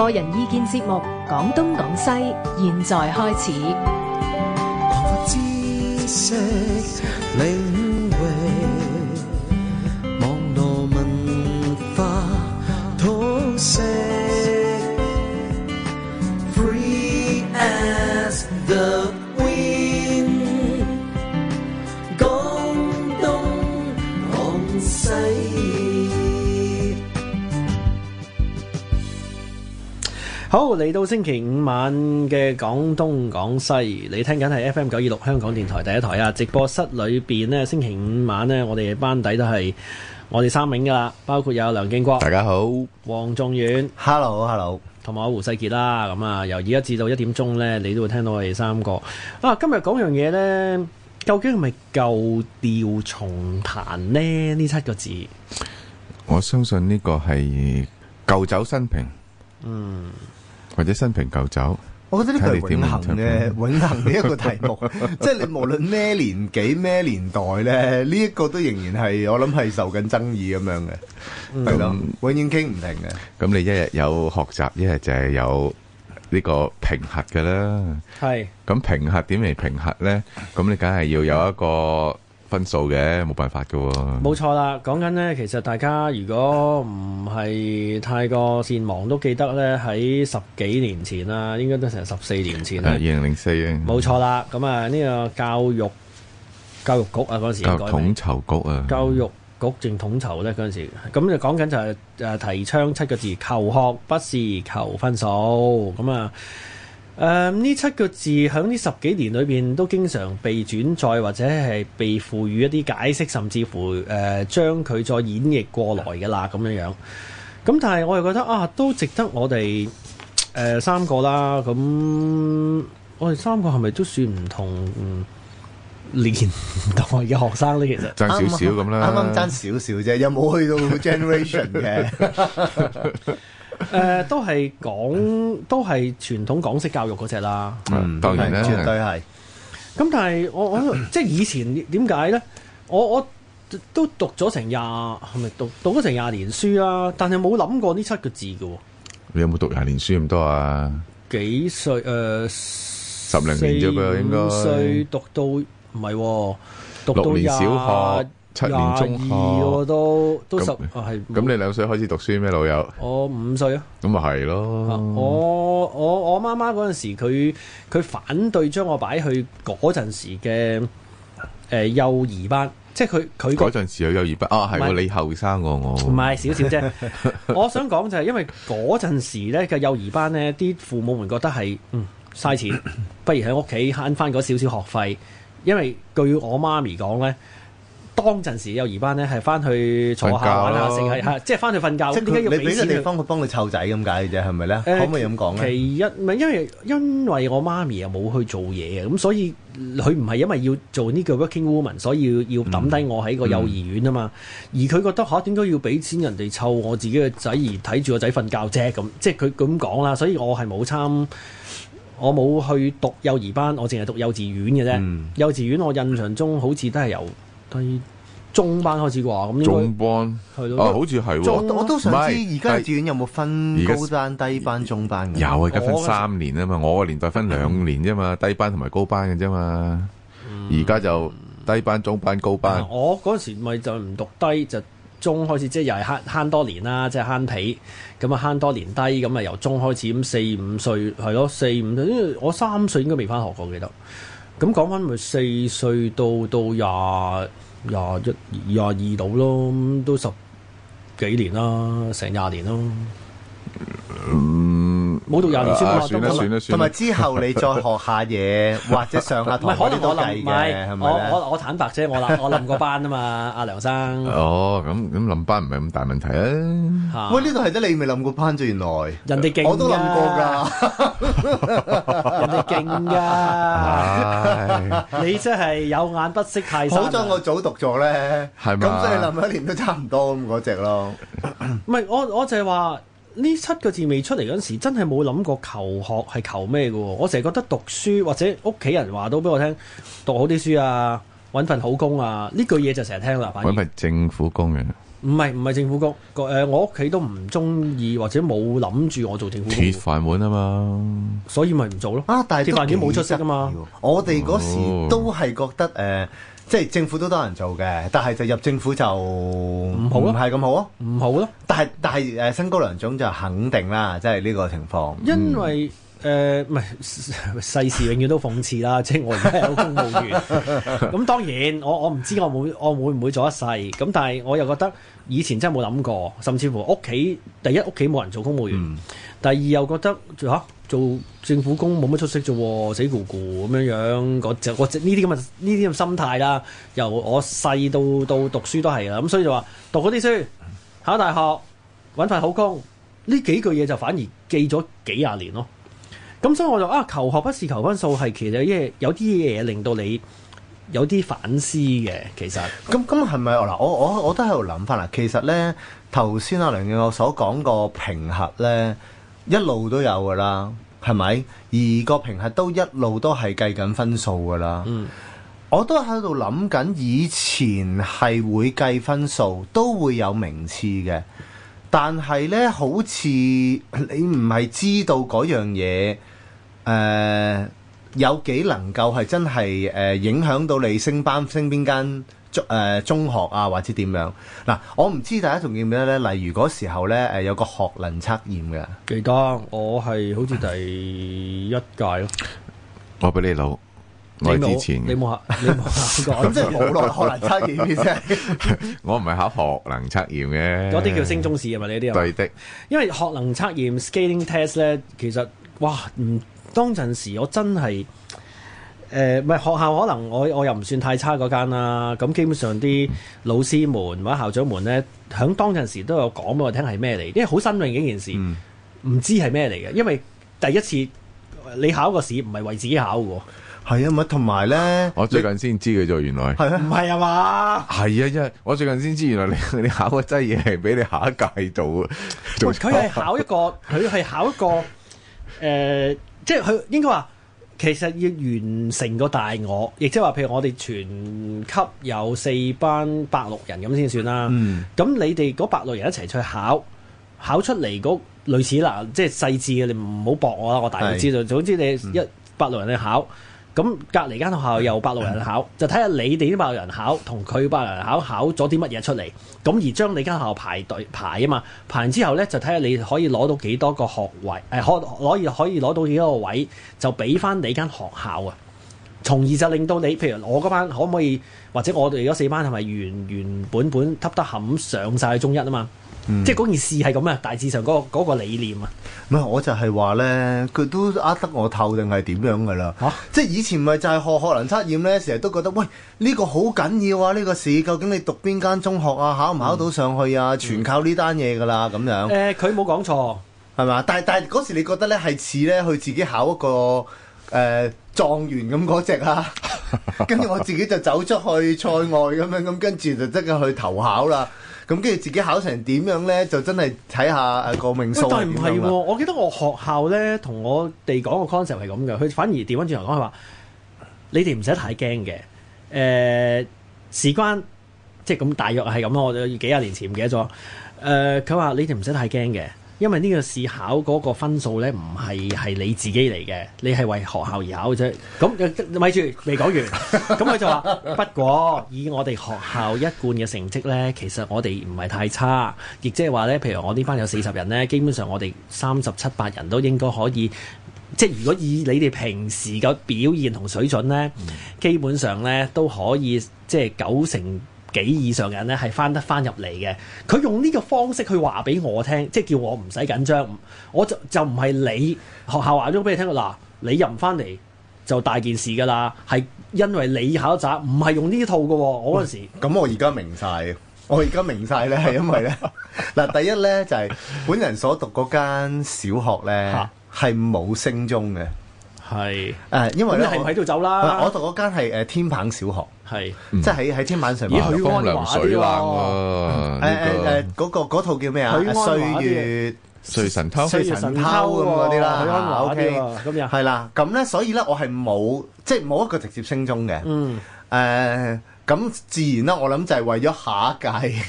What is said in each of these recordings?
個人意見節目《講東講西》，現在開始。 好，嚟到星期五晚嘅廣東廣西，你聽緊係 FM 九二六香港電台第一台啊！直播室裏邊呢，星期五晚呢，我哋班底都係我哋三名噶啦，包括有梁敬國，大家好，黃仲遠，Hello Hello，同埋我胡世杰啦。咁啊，由而家至到一點鐘呢，你都會聽到我哋三個啊。今日講樣嘢呢，究竟係咪舊調重彈呢？呢七個字，我相信呢個係舊酒新瓶，嗯。或者新瓶舊酒，我覺得呢個永恆嘅永恆嘅一個題目，即係你無論咩年紀、咩年代咧，呢一個都仍然係我諗係受緊爭議咁樣嘅，係咯，永遠傾唔停嘅。咁你一日有學習，一日就係有呢個平衡嘅啦。係。咁平衡點嚟平衡咧？咁你梗係要有一個。分數嘅冇辦法噶，冇錯啦。講緊呢。其實大家如果唔係太過善忘，都記得呢，喺十幾年前啊，應該都成十四年前、啊啊、啦。二零零四，冇錯啦。咁啊，呢、這個教育教育局啊，嗰時叫統籌局啊，教育局正統籌呢。嗰陣時。咁就講緊就係誒提倡七個字，求學不是求分數，咁啊。誒呢、嗯、七個字喺呢十幾年裏邊都經常被轉載或者係被賦予一啲解釋，甚至乎誒將佢再演繹過來嘅啦咁樣樣。咁、嗯、但係我又覺得啊，都值得我哋誒、呃、三個啦。咁、嗯、我哋三個係咪都算唔同年代嘅學生呢？其實爭少少咁啦，啱啱爭少少啫，有冇去到 generation 嘅？誒、 呃，都係講，都係傳統港式教育嗰隻啦。嗯，當然咧，絕對係。咁、嗯嗯、但係我 我即係以前點解咧？我我都讀咗成廿，係咪讀讀咗成廿年書啊？但係冇諗過呢七個字嘅、啊。你有冇讀廿年書咁多啊？幾歲誒？呃、十零年啫噃，應該。五歲讀到唔係、啊，讀到廿。七年中二我都都十啊？係咁你兩歲開始讀書咩，老友？我五歲啊，咁咪係咯？我我我媽媽嗰陣時，佢佢反對將我擺去嗰陣時嘅誒幼兒班，即係佢佢嗰陣時有幼兒班啊，係你後生過我，唔係少少啫。我想講就係因為嗰陣時咧嘅幼兒班咧，啲父母們覺得係嗯嘥錢，不如喺屋企慳翻嗰少少學費，因為據我媽咪講咧。當陣時，幼兒班呢係翻去坐下玩下係吓，的即係翻去瞓覺。點解要俾錢？你俾啲地方佢幫佢湊仔咁解嘅啫，係咪呢？呃、可唔可以咁講咧？其一唔係因為因為我媽咪又冇去做嘢嘅，咁所以佢唔係因為要做呢個 working woman，所以要要揼低我喺個幼兒園啊嘛。嗯嗯、而佢覺得吓，點解要俾錢人哋湊我自己嘅仔而睇住個仔瞓覺啫？咁即係佢咁講啦。所以我係冇參我冇去讀幼兒班，我淨係讀幼稚園嘅啫。幼稚園、嗯、我印象中好似都係有。低中班開始啩？咁中班啊的、哦，好似係、哦。我都班我都想知而家幼稚園有冇分高班、在低班、中班，有啊，而家分三年啊嘛。我個年代分兩年啫嘛，低班同埋高班嘅啫嘛。而家、嗯、就低班、中班、高班。嗯、我嗰陣時咪就唔讀低，就中開始，即係又係慳慳多年啦，即係慳皮。咁啊慳多年低，咁啊由中開始咁，四五歲係咯，四五歲。因為我三歲應該未翻學過，記得。咁講返咪四歲到到廿廿一廿二度咯，都十幾年啦，成廿年咯。嗯冇讀廿年先，算啦，算啦，算啦。同埋之後你再學下嘢，或者上下堂都計嘅。我我我坦白啫，我冇我冧過班啊嘛，阿梁生。哦，咁咁冧班唔係咁大問題啊。喂，呢度係得你未冧過班啫，原來。人哋勁啊！我都冧過㗎，人哋勁㗎。你真係有眼不識泰山。好在我早讀咗咧，係嘛？咁即係冧一年都差唔多咁嗰隻咯。唔係，我我就係話。呢七個字未出嚟嗰陣時，真係冇諗過求學係求咩嘅？我成日覺得讀書或者屋企人話到俾我聽，讀好啲書啊，揾份好工啊。呢句嘢就成日聽啦。揾咪政府工嘅？唔係唔係政府工？誒、呃，我屋企都唔中意或者冇諗住我做政府工。工。鐵飯碗啊嘛，所以咪唔做咯。啊，但係鐵飯碗冇出息㗎嘛。我哋嗰時都係覺得誒。哦呃即係政府都多人做嘅，但係就入政府就唔好唔係咁好咯，啊，唔好咯。但係但係誒，新高良總就肯定啦，即係呢個情況。因為誒唔係世事永遠都諷刺啦， 即係我而家有公務員，咁 當然我我唔知我，我會我會唔會做一世。咁但係我又覺得以前真係冇諗過，甚至乎屋企第一屋企冇人做公務員，嗯、第二又覺得嚇。啊做政府工冇乜出息啫，死咕咕咁樣樣，嗰、那、隻、個、我呢啲咁嘅呢啲咁心態啦。由我細到到讀書都係啦，咁所以就話讀嗰啲書，考大學，揾份好工，呢幾句嘢就反而記咗幾廿年咯。咁所以我就啊，求學不是求分數，係其實因為有啲嘢令到你有啲反思嘅，其實、嗯。咁咁係咪嗱？我我我都喺度諗翻嗱。其實咧，頭先阿梁敬國所講個平衡咧。一路都有噶啦，係咪？而個評核都一路都係計緊分數噶啦。嗯、我都喺度諗緊，以前係會計分數，都會有名次嘅。但係呢，好似你唔係知道嗰樣嘢，誒、呃，有幾能夠係真係誒、呃、影響到你升班升邊間？中、呃、中學啊，或者點樣嗱？我唔知大家仲記唔記得咧？例如嗰時候咧，誒有個學能測驗嘅。記得，我係好似第一屆咯。我比你老，你之前，你冇考， 你冇考過。咁即係冇落學能測驗嘅啫 我唔係考學能測驗嘅。嗰 啲叫升中試啊嘛？呢啲。對的。因為學能測驗 Scaling Test 咧，其實哇，唔當陣時我真係。誒唔係學校，可能我我又唔算太差嗰間啦。咁基本上啲老師們或者校長們咧，響當陣時都有講俾我聽係咩嚟，因為好新穎嘅一件事，唔、嗯、知係咩嚟嘅，因為第一次你考個試唔係為自己考嘅。係啊，咪同埋咧，我最近先知嘅就原來係啊，唔係啊嘛，係啊，因為我最近先知原來你你考嘅劑嘢係俾你下一屆讀啊。佢係、呃、考一個，佢係考一個誒、呃，即係佢應該話。其實要完成個大我，亦即係話，譬如我哋全級有四班百六人咁先算啦。咁、嗯、你哋嗰百六人一齊去考，考出嚟嗰類似啦，即係細緻嘅，你唔好駁我啦，我大都知道。是 總之你一百六人去考。咁隔離間學校又百零人考，就睇下你哋啲百零人考同佢百零人考考咗啲乜嘢出嚟，咁而將你間學校排隊排啊嘛，排完之後咧就睇下你可以攞到幾多個學位，誒可攞而可以攞到幾多個位，就俾翻你間學校啊，從而就令到你，譬如我嗰班可唔可以，或者我哋而家四班係咪原原本本吸得咁上晒中一啊嘛？嗯、即係嗰件事係咁啊，大致上嗰個、嗰個理念啊。唔係、嗯，我就係話咧，佢都呃得我頭定係點樣噶啦。吓、啊，即係以前咪就係學學能測驗咧，成日都覺得喂呢、呢個好緊要啊！呢、呢個事究竟你讀邊間中學啊，考唔考到上去啊，嗯、全靠呢單嘢噶啦咁樣。誒、嗯，佢冇講錯，係嘛、呃？但係但係嗰時你覺得咧係似咧佢自己考一個誒狀、呃、元咁嗰隻啊？跟 住 我自己就走出去賽外咁樣，咁跟住就即刻去投考啦。咁跟住自己考成點樣咧，就真係睇下誒個命數。但係唔係喎？我記得我學校咧，同我哋講個 concept 係咁嘅。佢反而調翻轉頭講，佢話你哋唔使太驚嘅。誒事關即係咁，大約係咁咯。我幾廿年前唔記得咗。誒佢話你哋唔使太驚嘅。因為呢個試考嗰個分數呢，唔係係你自己嚟嘅，你係為學校而考啫。咁，咪住未講完。咁佢就話： 不過以我哋學校一貫嘅成績呢，其實我哋唔係太差，亦即係話呢，譬如我呢班有四十人呢，基本上我哋三十七八人都應該可以，即係如果以你哋平時嘅表現同水準呢，基本上呢都可以，即係九成。幾以上嘅人咧，係翻得翻入嚟嘅。佢用呢個方式去話俾我聽，即係叫我唔使緊張。我就就唔係你學校話咗俾你聽，嗱、啊，你入唔翻嚟就大件事噶啦，係因為你考渣，唔係用呢套噶。我嗰陣時，咁、嗯、我而家明晒，我而家明晒咧，係 因為咧嗱，第一咧就係、是、本人所讀嗰間小學咧係冇升中嘅。啊係，誒，因為咧，我喺度走啦。我讀嗰間係天棒小學，係，即係喺喺天板上面。風涼水冷，以許鞍華啲話，誒誒嗰個套叫咩啊？許歲月神偷、歲月神偷咁嗰啲啦，OK，咁樣係啦。咁咧，所以咧，我係冇，即係冇一個直接升中嘅。嗯，誒，咁自然啦，我諗就係為咗下一屆。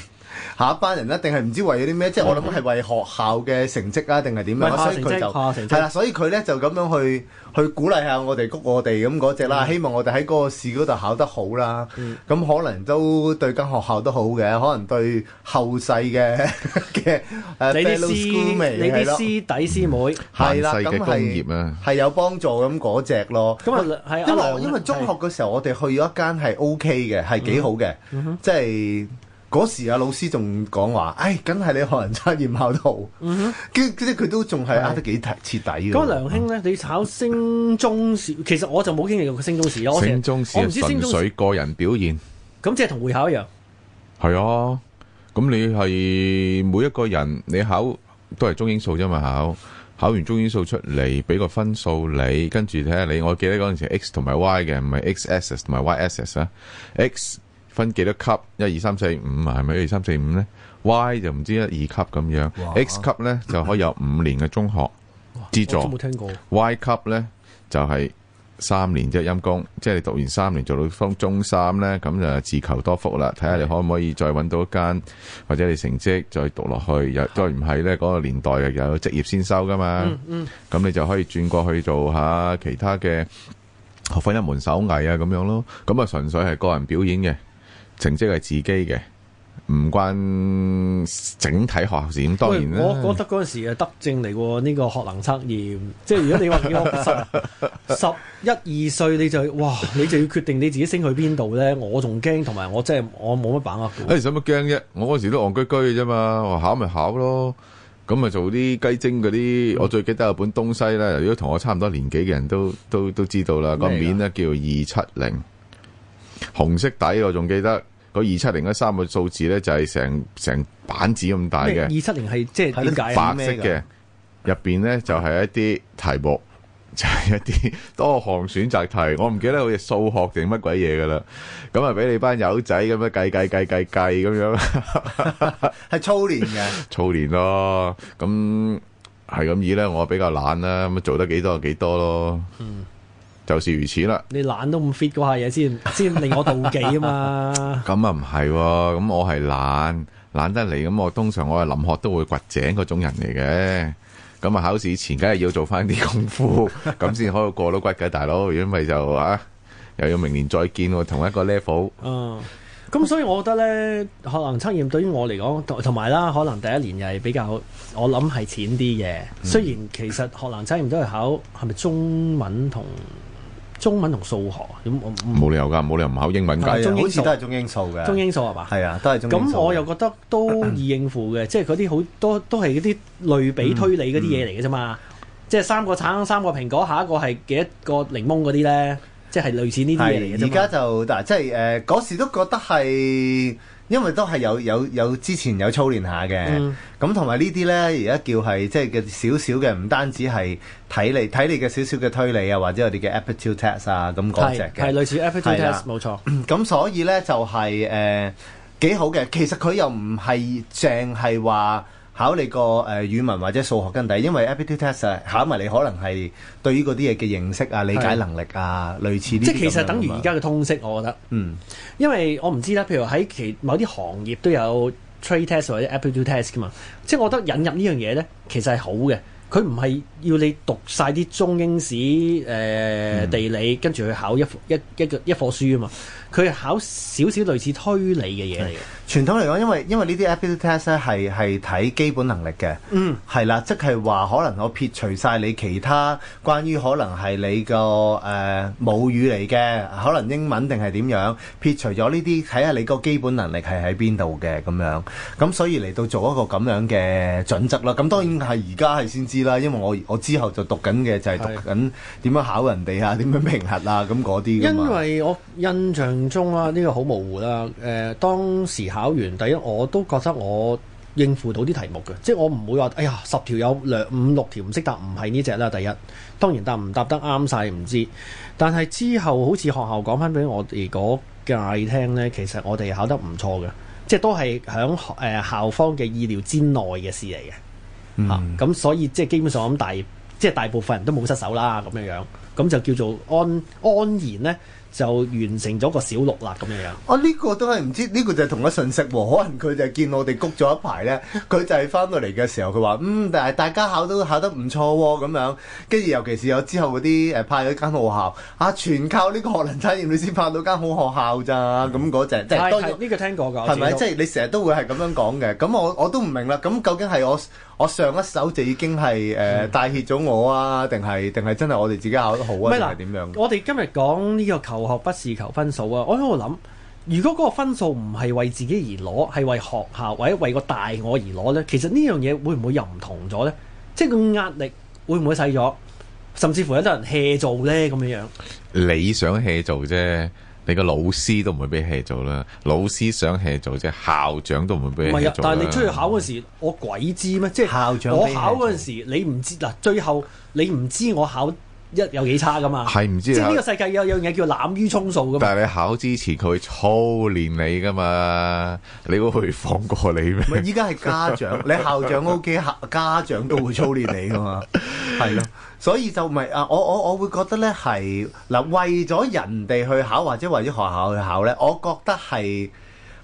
下一班人咧，定係唔知為咗啲咩？即係我諗係為學校嘅成績啊，定係點樣？所以佢就係啦，所以佢咧就咁樣去去鼓勵下我哋谷我哋咁嗰隻啦，希望我哋喺嗰個試嗰度考得好啦。咁可能都對間學校都好嘅，可能對後世嘅嘅誒，你啲師你啲師弟師妹係啦，咁係係有幫助咁嗰隻咯。咁啊，係因為因為中學嘅時候，我哋去咗一間係 OK 嘅，係幾好嘅，即係。嗰時啊，老師仲講話，唉，梗係你學人測驗考圖、嗯、哼得好，佢都仲係呃得幾徹底。嗰梁兄咧，嗯、你考升中試，其實我就冇經歷過佢升中試咯。我升中試純粹個人表現，咁即係同會考一樣。係啊，咁你係每一個人你考都係中英數啫嘛，考考完中英數出嚟，俾個分數你，跟住睇下你。我記得嗰陣時 X 同埋 Y 嘅，唔係 XSS 同埋 YSS 啊，X。分幾多級？一二三四五啊，係咪一二三四五咧？Y 就唔知一二級咁樣哇，X 級呢，就可以有五年嘅中學資助。Y 級呢，就係、是、三年即係陰功，即係你讀完三年做到中中三呢，咁就自求多福啦。睇下你可唔可以再揾到一間，或者你成績再讀落去，又再唔係呢嗰個年代啊，有職業先收㗎嘛。咁、嗯嗯、你就可以轉過去做下其他嘅學翻一門手藝啊，咁樣咯。咁啊，純粹係個人表演嘅。成績係自己嘅，唔關整體學校事。當然咧，我覺得嗰陣時係德政嚟，呢、這個學能測驗。即係如果你話，十 十一二歲你就哇，你就要決定你自己升去邊度咧。我仲驚，同埋我真係我冇乜把握。誒、哎，使乜驚啫？我嗰時都戇居居嘅啫嘛，我考咪考咯，咁咪做啲雞精嗰啲。嗯、我最記得有本東西咧，如果同我差唔多年紀嘅人都都都,都知道啦。個什麼 面咧叫二七零，紅色底我仲記得。個二七零嗰三個數字咧，就係、是、成成板紙咁大嘅。二七零係即係點解？就是、白色嘅入邊咧，就係、是、一啲題目， 就係一啲多項選擇題。 我唔記得好似數學定乜鬼嘢噶啦。咁啊，俾你班友仔咁樣計計計計計咁樣，係操練嘅。操練咯，咁係咁意咧。我比較懶啦，咁做得幾多就幾多咯。嗯。就是如此啦。你懶都唔 fit 嗰下嘢先，先令我妒忌啊嘛。咁 啊唔係喎，咁我係懶，懶得嚟。咁我通常我係臨學都會掘井嗰種人嚟嘅。咁啊考試前梗係要做翻啲功夫，咁先可以過到骨嘅，大佬。如果咪就啊，又要明年再見喎，同一個 level。嗯，咁所以我覺得咧，學能測驗對於我嚟講，同同埋啦，可能第一年又係比較，我諗係淺啲嘅。嗯，雖然其實學能測驗都係考係咪中文同，中文同數學，冇理由㗎，冇理由唔考英文解，好似都係中英數嘅，中英數係嘛？係啊，都係中英數。咁我又覺得都易應付嘅，嗯、即係嗰啲好多都係嗰啲類比推理嗰啲嘢嚟嘅啫嘛。嗯嗯、即係三個橙，三個蘋果，下一個係幾一個檸檬嗰啲咧，即係類似呢啲嘢嚟嘅。而家就嗱，即係誒嗰時都覺得係。因為都係有有有之前有操練下嘅，咁同埋呢啲呢，而家叫係即係嘅少少嘅，唔、就是、單止係睇你睇你嘅少少嘅推理啊，或者我哋嘅 Aptitude Test 啊咁嗰隻嘅，係類似 Aptitude Test 冇的錯。咁、嗯、所以呢，就係、是、誒、呃、幾好嘅，其實佢又唔係淨係話。考你個誒語文或者數學根底，因為 aptitude test 考埋你可能係對於嗰啲嘢嘅認識啊、理解能力啊，是的 類似啲。即係其實等於而家嘅通識，我覺得。嗯，因為我唔知啦，譬如喺其某啲行業都有 trade test 或者 aptitude test 噶嘛，即係我覺得引入呢樣嘢咧，其實係好嘅。佢唔係要你讀晒啲中英史誒、呃嗯、地理，跟住去考一一一個一課書啊嘛。佢考少少類似推理嘅嘢。傳統嚟講，因為因為呢啲 aptitude test 咧係係睇基本能力嘅，係啦、嗯，即係話可能我撇除晒你其他關於可能係你個誒、呃、母語嚟嘅，可能英文定係點樣，撇除咗呢啲，睇下你個基本能力係喺邊度嘅咁樣。咁所以嚟到做一個咁樣嘅準則啦。咁當然係而家係先知啦，因為我我之後就讀緊嘅就係讀緊點樣考人哋啊，點樣評核啊咁嗰啲。那那因為我印象中、這個、啊，呢個好模糊啦。誒，當時考完第一，我都覺得我應付到啲題目嘅，即係我唔會話，哎呀，十條有兩五六條唔識答，唔係呢隻啦。第一當然答唔答得啱晒，唔知，但係之後好似學校講翻俾我哋嗰屆聽呢，其實我哋考得唔錯嘅，即係都係響誒校方嘅意料之內嘅事嚟嘅。嚇咁、嗯、所以即係基本上咁大，即係大部分人都冇失手啦咁樣樣，咁就叫做安安然呢。就完成咗個小六啦咁嘅樣。啊，呢個都係唔知，呢個就係同一個信息喎。可能佢就係見我哋谷咗一排咧，佢就係翻到嚟嘅時候，佢話：嗯，但係大家考都考得唔錯喎咁樣。跟住，尤其是有之後嗰啲誒派咗間學校，啊，全靠呢個學能測驗你先派到間好學校咋咁嗰隻。即係當然呢個聽過㗎。係咪即係你成日都會係咁樣講嘅？咁我我都唔明啦。咁究竟係我？我上一手就已經係誒帶挈咗我啊，定係定係真係我哋自己考得好啊，定係點樣啊？我哋今日講呢個求學不是求分數啊！我喺度諗，如果嗰個分數唔係為自己而攞，係為學校或者為個大我而攞呢，其實呢樣嘢會唔會又唔同咗呢？即係個壓力會唔會細咗？甚至乎有啲人 hea 做呢，咁樣樣。你想 hea 做啫。你個老師都唔會俾 hea 做啦，老師想 hea 做啫，校長都唔會俾 hea 做。但係你出去考嗰時，我鬼知咩？即係校長，我考嗰陣時，你唔知嗱，最後你唔知我考。一有幾差噶嘛？係唔知，即係呢個世界有有樣嘢叫濫竽充數噶嘛。但係你考之前佢會操練你噶嘛？你會放過你咩？唔係依家係家長，你校長 OK，家長都會操練你噶嘛？係咯，所以就唔係啊！我我我會覺得咧，係嗱，為咗人哋去考或者為咗學校去考咧，我覺得係。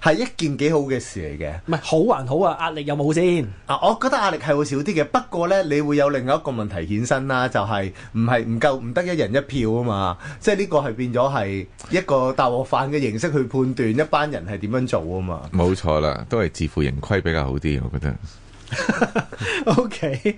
係一件幾好嘅事嚟嘅，唔係好還好啊？壓力有冇先？啊，我覺得壓力係會少啲嘅，不過呢，你會有另外一個問題衍生啦，就係唔係唔夠唔得一人一票啊嘛？即係呢個係變咗係一個大鑊飯嘅形式去判斷一班人係點樣做啊嘛？冇錯啦，都係自負盈虧比較好啲，我覺得。 OK。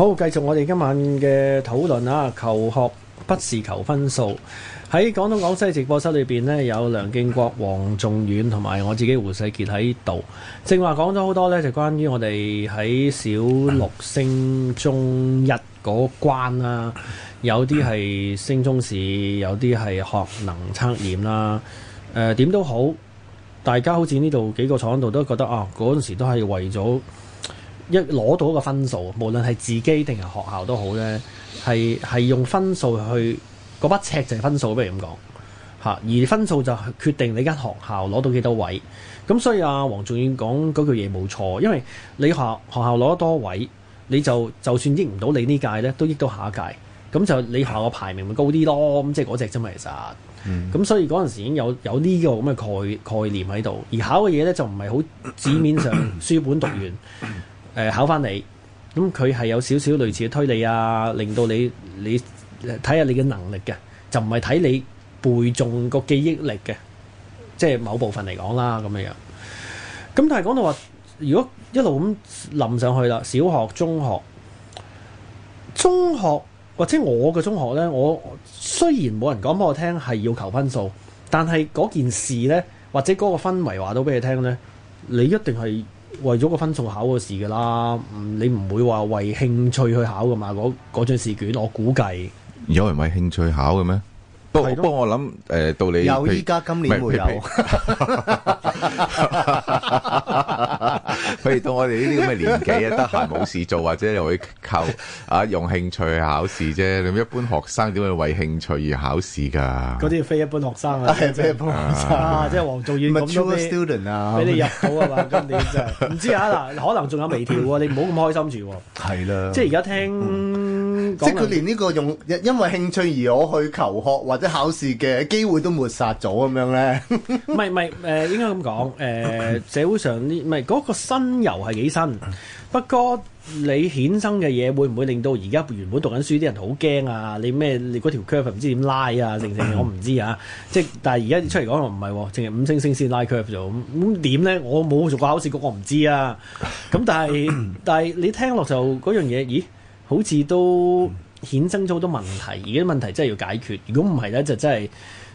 好，繼續我哋今晚嘅討論啊！求學不是求分數。喺廣東廣西直播室裏邊呢，有梁敬國、黃仲遠同埋我自己胡世傑喺度。正話講咗好多呢，就關於我哋喺小六升中一嗰關啦。有啲係升中試，有啲係學能測驗啦。誒點都好，大家好似呢度幾個坐喺度都覺得啊，嗰陣時都係為咗。一攞到個分數，無論係自己定係學校都好呢係係用分數去嗰筆尺就係分數，不如咁講吓。而分數就決定你間學校攞到幾多位咁，所以阿黃仲遠講嗰句嘢冇錯，因為你學,學校攞得多位，你就就算益唔到你呢屆咧，都益到下一屆咁就你學校嘅排名咪高啲咯。咁即係嗰隻啫嘛，其實咁、嗯、所以嗰陣時已經有有呢個咁嘅概概念喺度，而考嘅嘢呢，就唔係好紙面上書本讀完。 誒，考翻你，咁佢係有少少類似嘅推理啊，令到你你睇下你嘅能力嘅，就唔係睇你背誦個記憶力嘅，即係某部分嚟講啦，咁樣樣。咁但係講到話，如果一路咁淋上去啦，小學、中學、中學或者我嘅中學呢，我雖然冇人講俾我聽係要求分數，但係嗰件事呢，或者嗰個氛圍話到俾你聽呢，你一定係。為咗個分數考個試噶啦，你唔會話為興趣去考噶嘛？嗰嗰張試卷，我估計有人為興趣考嘅咩？不過我諗誒道理，有依家今年會有，譬如到我哋呢啲咁嘅年紀啊，得閒冇事做或者又可以求啊用興趣去考試啫。你一般學生點會為興趣而考試㗎？嗰啲要非一般學生啊，非一般學生啊，即係黃仲遠 student 啊，俾你入到啊嘛。今年就唔知啊嗱，可能仲有微調喎。你唔好咁開心住喎。係啦，即係而家聽，即係佢連呢個用，因為興趣而我去求學或。啲考試嘅機會都抹殺咗咁樣咧，唔係唔係，誒、呃、應該咁講，誒、呃、社會上啲唔係嗰個新遊係幾新，不過你衍生嘅嘢會唔會令到而家原本讀緊書啲人好驚啊？你咩？你嗰條 curve 唔知點拉啊？剩剩 我唔知啊，即係但係而家出嚟講又唔係，淨係五星星先拉 curve 咗，咁點咧？我冇做過考試局，那個、我唔知啊。咁但係 但係你聽落就嗰樣嘢，咦？好似都～衍生咗好多問題，而家啲問題真係要解決。如果唔係咧，就真係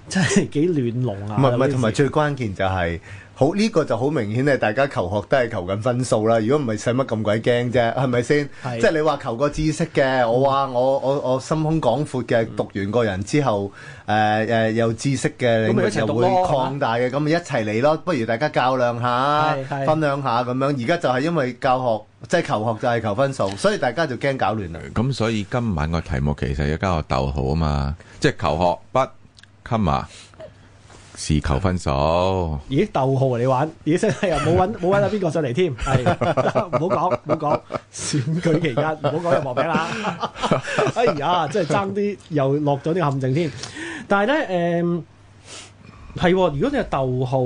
真係幾亂龍啊！唔係唔係，同埋最關鍵就係、是。好呢、呢個就好明顯咧，大家求學都係求緊分數啦。如果唔係，使乜咁鬼驚啫？係咪先？即係你話求個知識嘅、嗯，我話我我我心胸廣闊嘅，嗯、讀完個人之後，誒誒有知識嘅，你又會擴大嘅，咁咪一齊嚟咯。不如大家較量下，的分量下咁樣。而家就係因為教學即係、就係、求學就係求分數，所以大家就驚搞亂啦。咁所以今晚個題目其實要加個逗號啊嘛，即係求學不襟嘛。是求分手？咦，逗號你玩？咦，真係又冇揾、冇揾阿邊個上嚟添？係，唔好講，唔好講，選舉期間唔好講有毛病啦！ 哎呀、啊，真係爭啲又落咗啲陷阱添。但係咧，誒、嗯，係，如果你係逗號，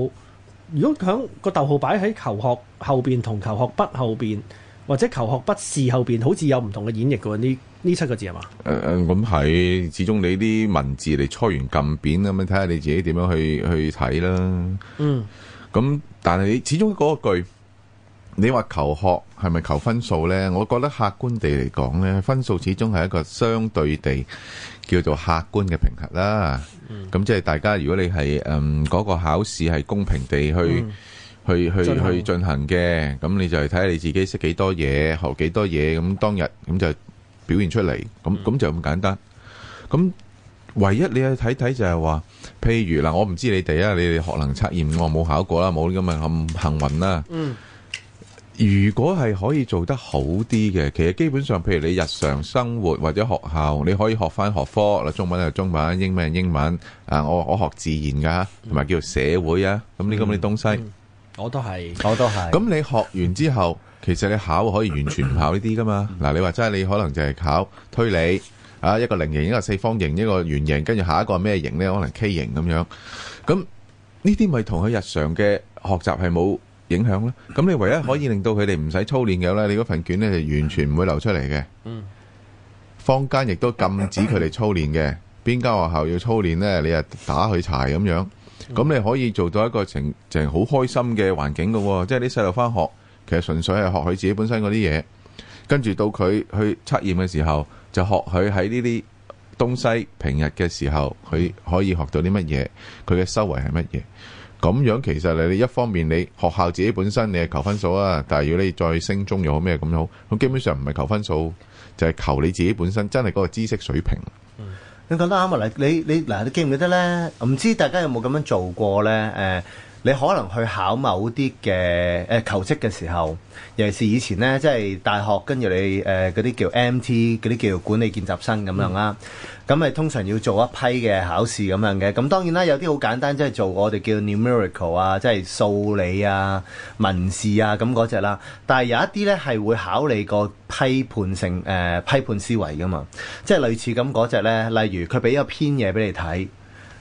如果響個逗號擺喺求學後邊同求學不後邊，或者求學不是後邊，好似有唔同嘅演繹嘅你。呢七個字係嘛？誒誒，咁係始終你啲文字嚟，初完咁扁咁樣，睇下你自己點樣去去睇啦。嗯，咁但係你始終嗰個句，你話求學係咪求分數呢？我覺得客觀地嚟講呢，分數始終係一個相對地叫做客觀嘅評核啦。咁即係大家如果你係誒嗰個考試係公平地去去去去進行嘅，咁你就係睇下你自己識幾多嘢，學幾多嘢，咁當日咁就。表現出嚟咁咁就咁簡單。咁唯一你去睇睇就係話，譬如嗱，我唔知你哋啊，你哋學能測驗我冇考過啦，冇咁啊咁幸運啦。嗯。如果係可以做得好啲嘅，其實基本上譬如你日常生活或者學校，你可以學翻學科嗱，中文係中文，英文係英文。啊，我我學自然㗎，同埋叫做社會啊，咁呢咁嘅東西。我都係。我都係。咁你學完之後？其實你考可以完全唔考呢啲噶嘛？嗱，你話真係你可能就係考推理啊，一個菱形、一個四方形、一個圓形，跟住下一個係咩形咧？可能 K 形咁樣。咁呢啲咪同佢日常嘅學習係冇影響咧？咁你唯一可以令到佢哋唔使操練嘅咧，你份卷咧就完全唔會流出嚟嘅。嗯。坊間亦都禁止佢哋操練嘅，邊間學校要操練咧？你又打佢柴咁樣。咁你可以做到一個情，就係好開心嘅環境噶。即係你細路翻學。其實純粹係學佢自己本身嗰啲嘢，跟住到佢去測驗嘅時候，就學佢喺呢啲東西平日嘅時候，佢可以學到啲乜嘢，佢嘅修為係乜嘢。咁樣其實你一方面你學校自己本身你係求分數啊，但係如果你再升中又好咩咁樣好，咁基本上唔係求分數，就係、是、求你自己本身真係嗰個知識水平。嗯、你講得啱啊！你你嗱，你記唔記得呢？唔知大家有冇咁樣做過呢？誒、呃。你可能去考某啲嘅誒求職嘅時候，尤其是以前呢，即係大學跟住你誒嗰啲叫 MT 嗰啲叫管理見習生咁樣啦。咁誒、嗯、通常要做一批嘅考試咁樣嘅。咁當然啦，有啲好簡單，即係做我哋叫 numerical 啊，即係數理啊、文史啊咁嗰隻啦。但係有一啲呢係會考你個批判性誒、呃、批判思維噶嘛，即係類似咁嗰隻呢，例如佢俾一個篇嘢俾你睇。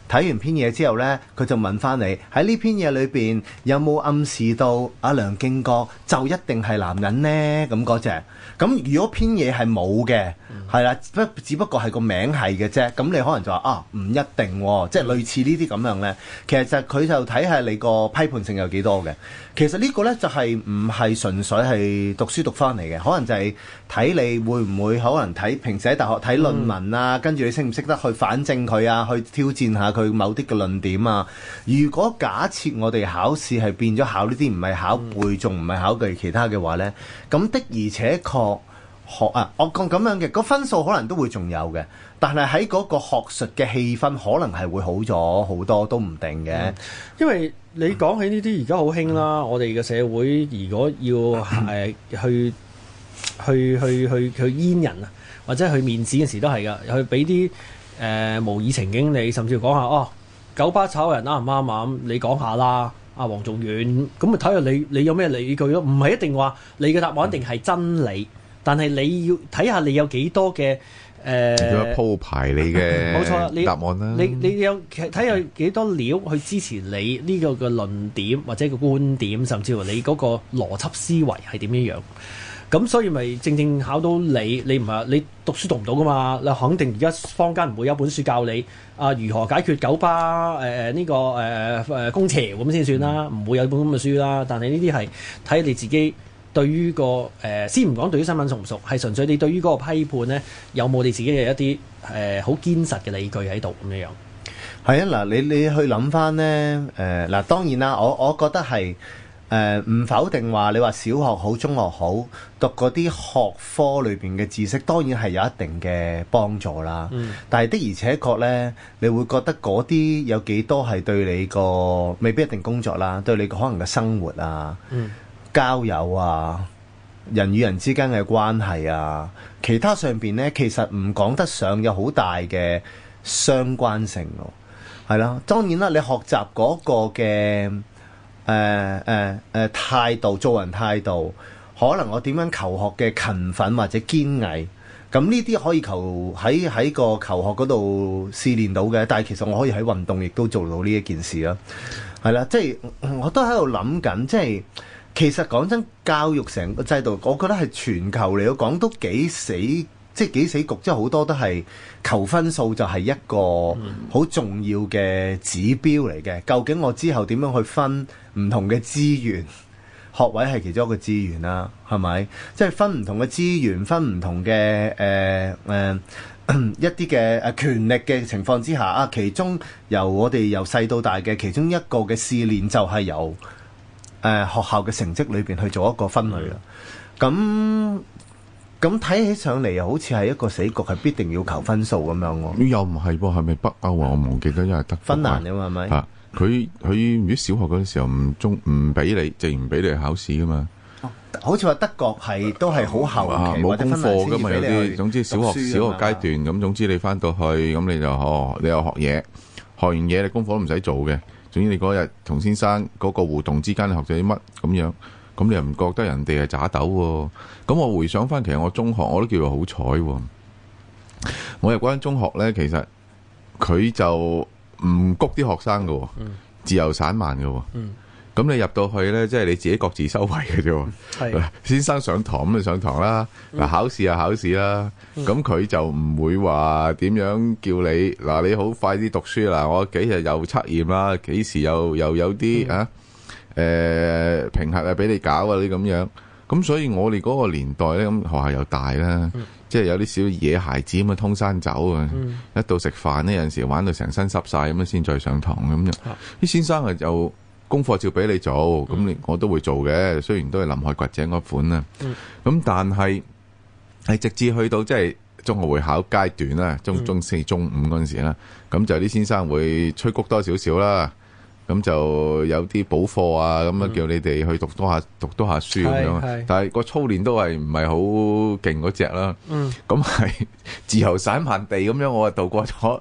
睇完篇嘢之後呢，佢就問翻你喺呢篇嘢裏邊有冇暗示到阿梁敬國就一定係男人呢？那那咁講啫。咁如果篇嘢係冇嘅，係啦，不只不過係個名係嘅啫。咁你可能就話啊，唔一定、喎、即係類似呢啲咁樣咧。其實佢就睇、是、下你個批判性有幾多嘅。其實個呢個咧就係唔係純粹係讀書讀翻嚟嘅，可能就係睇你會唔會可能睇平時喺大學睇論文啊，嗯、跟住你識唔識得去反證佢啊，去挑戰下佢某啲嘅論點啊。如果假設我哋考試係變咗考呢啲，唔係考背誦，唔係考具其他嘅話咧，咁的而且確。學啊！我講咁樣嘅個分數可能都會仲有嘅，但係喺嗰個學術嘅氣氛可能係會好咗好多，都唔定嘅、嗯。因為你講起呢啲而家好興啦，嗯、我哋嘅社會如果要誒、呃、去去去去去淹人啊，或者去面試嘅時都係㗎，去俾啲誒模擬情景、哦嗯嗯嗯嗯，你甚至要講下哦九巴炒人啱唔啱啊？咁你講下啦，阿黃仲遠咁咪睇下你你有咩理據咯？唔係一定話你嘅答案一定係真理。但係你要睇下你有幾多嘅誒，呃、鋪排你嘅冇 錯，你答案啦。你你有睇下幾多料去支持你呢個嘅論點或者個觀點，甚至乎你嗰個邏輯思維係點樣樣？咁所以咪正正考到你，你唔係你讀書讀唔到噶嘛？你肯定而家坊間唔會有本書教你啊，如何解決九巴，誒、呃、呢、呢個誒誒、呃、公邪咁先算啦，唔、嗯、會有本咁嘅書啦。但係呢啲係睇你自己。對於個誒，先唔講對於新聞熟唔熟，係純粹你對於嗰個批判呢，有冇你自己嘅一啲誒好堅實嘅理據喺度咁樣樣？係啊，嗱，你你去諗返呢，誒、呃、嗱，當然啦，我我覺得係誒唔否定話你話小學好、中學好讀嗰啲學科裏邊嘅知識，當然係有一定嘅幫助啦。嗯、但係的而且確呢，你會覺得嗰啲有幾多係對你個未必一定工作啦，對你個可能嘅生活啊，嗯。交友啊，人與人之間嘅關係啊，其他上邊呢，其實唔講得上有好大嘅相關性咯、啊。係啦、啊，當然啦，你學習嗰個嘅誒誒誒態度，做人態度，可能我點樣求學嘅勤奮或者堅毅，咁呢啲可以求喺喺個求學嗰度試練到嘅。但係其實我可以喺運動亦都做到呢一件事啦、啊。係啦、啊，即係我都喺度諗緊，即係。其實講真，教育成個制度，我覺得係全球嚟講都幾死，即係幾死局。即係好多都係求分數，就係一個好重要嘅指標嚟嘅。究竟我之後點樣去分唔同嘅資源？學位係其中一個資源啦、啊，係咪？即係分唔同嘅資源，分唔同嘅誒誒一啲嘅誒權力嘅情況之下啊，其中由我哋由細到大嘅其中一個嘅試煉就係由。誒，學校嘅成績裏邊去做一個分類啦，咁咁睇起上嚟又好似係一個死局，係必定要求分數咁樣喎。又唔係，係咪北歐啊？我唔記得，因為德芬蘭啊嘛，係咪？啊，佢佢唔知小學嗰陣時候唔中唔俾你，就唔俾你考試噶嘛。好似話德國係都係好後啊，冇功課噶嘛，有啲，總之小學小學階段咁，總之你翻到去咁你就哦，你又學嘢，學完嘢你功課都唔使做嘅。總之你嗰日同先生嗰個互動之間學咗啲乜咁樣，咁你又唔覺得人哋係渣斗？咁我回想返，其實我中學我都叫做好彩、啊。我入嗰間中學呢，其實佢就唔谷啲學生噶、啊，嗯、自由散漫噶、啊。嗯咁你入到去呢，即、就、係、是、你自己各自修為嘅啫喎。是先生上堂咁就上堂啦。嗱、嗯，考試又考試啦。咁佢、嗯、就唔會話點樣叫你嗱，你好快啲讀書嗱，我幾日又測驗啦，幾時又又有啲、嗯、啊？誒、呃，評核啊，俾你搞啊，你咁樣。咁所以我哋嗰個年代呢，咁學校又大啦，嗯、即係有啲小野孩子咁啊，通山走、嗯、啊，一到食飯呢，有陣時玩到成身濕晒咁啊，先再上堂咁樣，啲先生啊，就～功課照俾你做，咁我都會做嘅，雖然都係臨渴掘井嗰款啦。咁、嗯、但係係直至去到即係、就是、中學會考階段啦，中中四、中五嗰陣時啦，咁就啲先生會催谷多少少啦。咁就有啲補課啊，咁樣叫你哋去讀多下、嗯、多讀多下書咁樣。嗯、但係個操練都係唔係好勁嗰隻啦。咁係、嗯、自由散漫地咁樣，我啊度過咗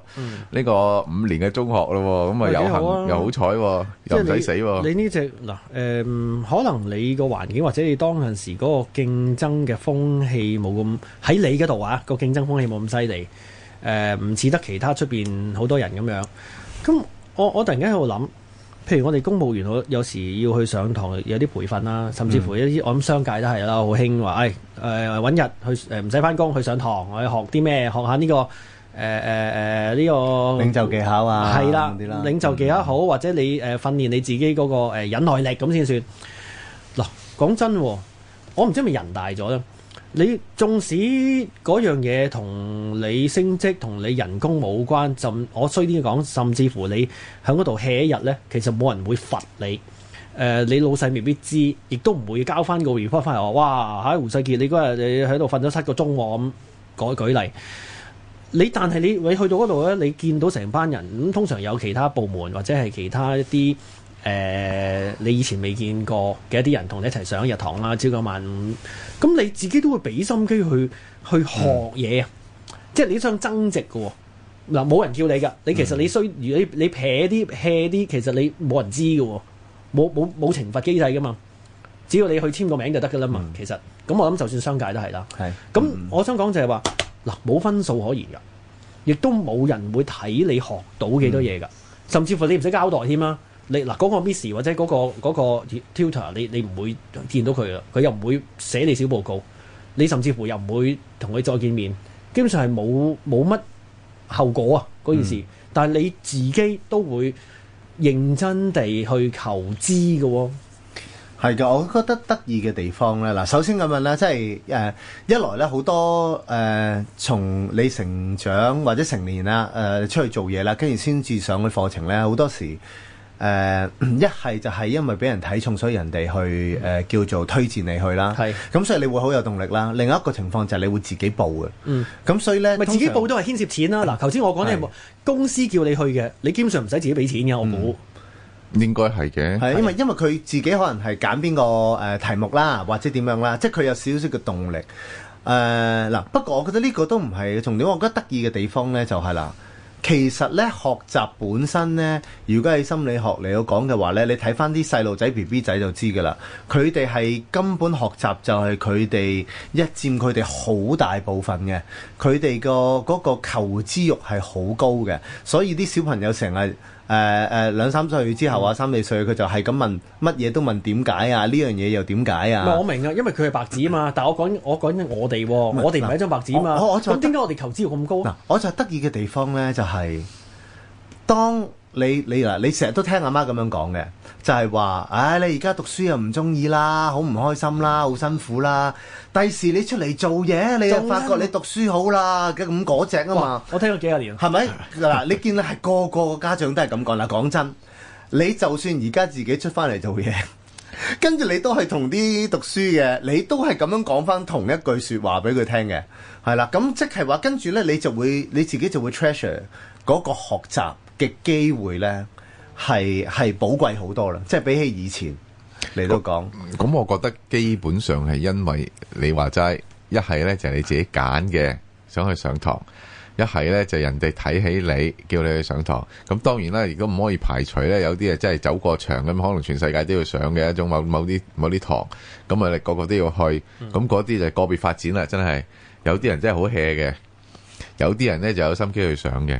呢個五年嘅中學咯。咁、嗯、啊有幸、嗯、又好彩、啊，又唔使死喎。你呢隻嗱誒，可能你個環境或者你當陣時嗰個競爭嘅風氣冇咁喺你嗰度啊，個競爭風氣冇咁犀利。誒、呃，唔似得其他出邊好多人咁樣。咁我我，我突然間喺度諗。嗯嗯譬如我哋公務員，我有時要去上堂，有啲培訓啦，甚至乎一啲我諗商界都係啦，好興話誒誒搵日去，誒唔使翻工去上堂，去學啲咩，學下呢個誒誒誒呢個領袖技巧啊，係啦，領袖技巧好，或者你誒訓練你自己嗰個誒忍耐力咁先算。嗱，講真，我唔知係咪人大咗啦。你縱使嗰樣嘢同你升職同你人工冇關，就我衰啲講，甚至乎你喺嗰度歇一日呢，其實冇人會罰你。誒、呃，你老細未必知，亦都唔會交翻個 report 翻嚟話。哇！喺胡世杰，你嗰日你喺度瞓咗七個鐘喎咁。改、啊、舉例，你但係你你去到嗰度呢，你見到成班人咁，通常有其他部門或者係其他一啲。誒、呃，你以前未見過嘅一啲人同你一齊上一日堂啦，朝九晚五，咁你自己都會俾心機去去學嘢，嗯、即係你想增值嘅嗱、哦，冇人叫你噶，你其實你需你你撇啲 hea 啲，其實你冇人知嘅，冇冇冇懲罰機制噶嘛，只要你去簽個名就得嘅啦嘛，嗯、其實咁我諗就算商界都係啦，咁是我想講就係話嗱，冇分數可言嘅，亦都冇人會睇你學到幾多嘢噶，嗯、甚至乎你唔使交代添啦。你嗱嗰個 miss 或者嗰個嗰個 tutor，你你唔會見到佢啦。佢又唔會寫你小報告，你甚至乎又唔會同佢再見面，基本上係冇冇乜後果啊。嗰件事，嗯，但係你自己都會認真地去求知嘅喎。係嘅，我覺得得意嘅地方咧，嗱，首先咁樣咧，即係誒一來咧，好多誒從你成長或者成年啊誒出去做嘢啦，跟住先至上嘅課程咧，好多時。誒一係就係因為俾人睇重，所以人哋去誒、呃、叫做推薦你去啦。係咁是、嗯，所以你會好有動力啦。另一個情況就係你會自己報嘅。嗯，咁所以咧，咪自己報都係牽涉錢啦。嗱、嗯，頭先我講咧，是公司叫你去嘅，你基本上唔使自己俾錢嘅。我估、嗯，應該係嘅。係因為是因為佢自己可能係揀邊個誒題目啦，或者點樣啦，即係佢有少少嘅動力。誒、呃、嗱，不過我覺得呢個都唔係重點。我覺得得意嘅地方咧就係、是、啦。其實咧，學習本身咧，如果喺心理學嚟講嘅話咧，你睇翻啲細路仔 B B 仔就知㗎啦。佢哋係根本學習就係佢哋一佔佢哋好大部分嘅，佢哋個個求知慾係好高嘅，所以啲小朋友成日。誒誒、呃、兩三歲之後、嗯、歲之後啊，三四歲佢就係咁問，乜嘢都問，點解啊？呢樣嘢又點解啊？我明啊，因為佢係白紙啊嘛。但係我講我講緊我哋，我哋唔係一張白紙啊嘛。嗯嗯嗯、我我點解我哋投資要咁高，啊？嗱、嗯，我就得意嘅地方咧，就係、是，當你你嗱，你成日都聽阿媽咁樣講嘅。就係話，唉、哎！你而家讀書又唔中意啦，好唔開心啦，好辛苦啦。第時你出嚟做嘢，你就發覺你讀書好啦，咁嗰隻啊嘛。我聽咗幾十年。係咪嗱？ 你見到係個，個個家長都係咁講啦。講真，你就算而家自己出翻嚟做嘢，跟 住你都係同啲讀書嘅，你都係咁樣講翻同一句説話俾佢聽嘅，係啦。咁即係話，跟住呢，你就會你自己就會 treasure 嗰個學習嘅機會呢。係係寶貴好多啦，即係比起以前你都講。咁我覺得基本上係因為你話齋，一係呢就係你自己揀嘅，想去上堂；一係呢就係人哋睇起你，叫你去上堂。咁當然啦，如果唔可以排除呢，有啲啊真係走過場咁，可能全世界都要上嘅一種某某啲某啲堂，咁啊你個個都要去。咁嗰啲就個別發展啦，真係有啲人真係好 hea 嘅。有啲人咧就有心機去上嘅，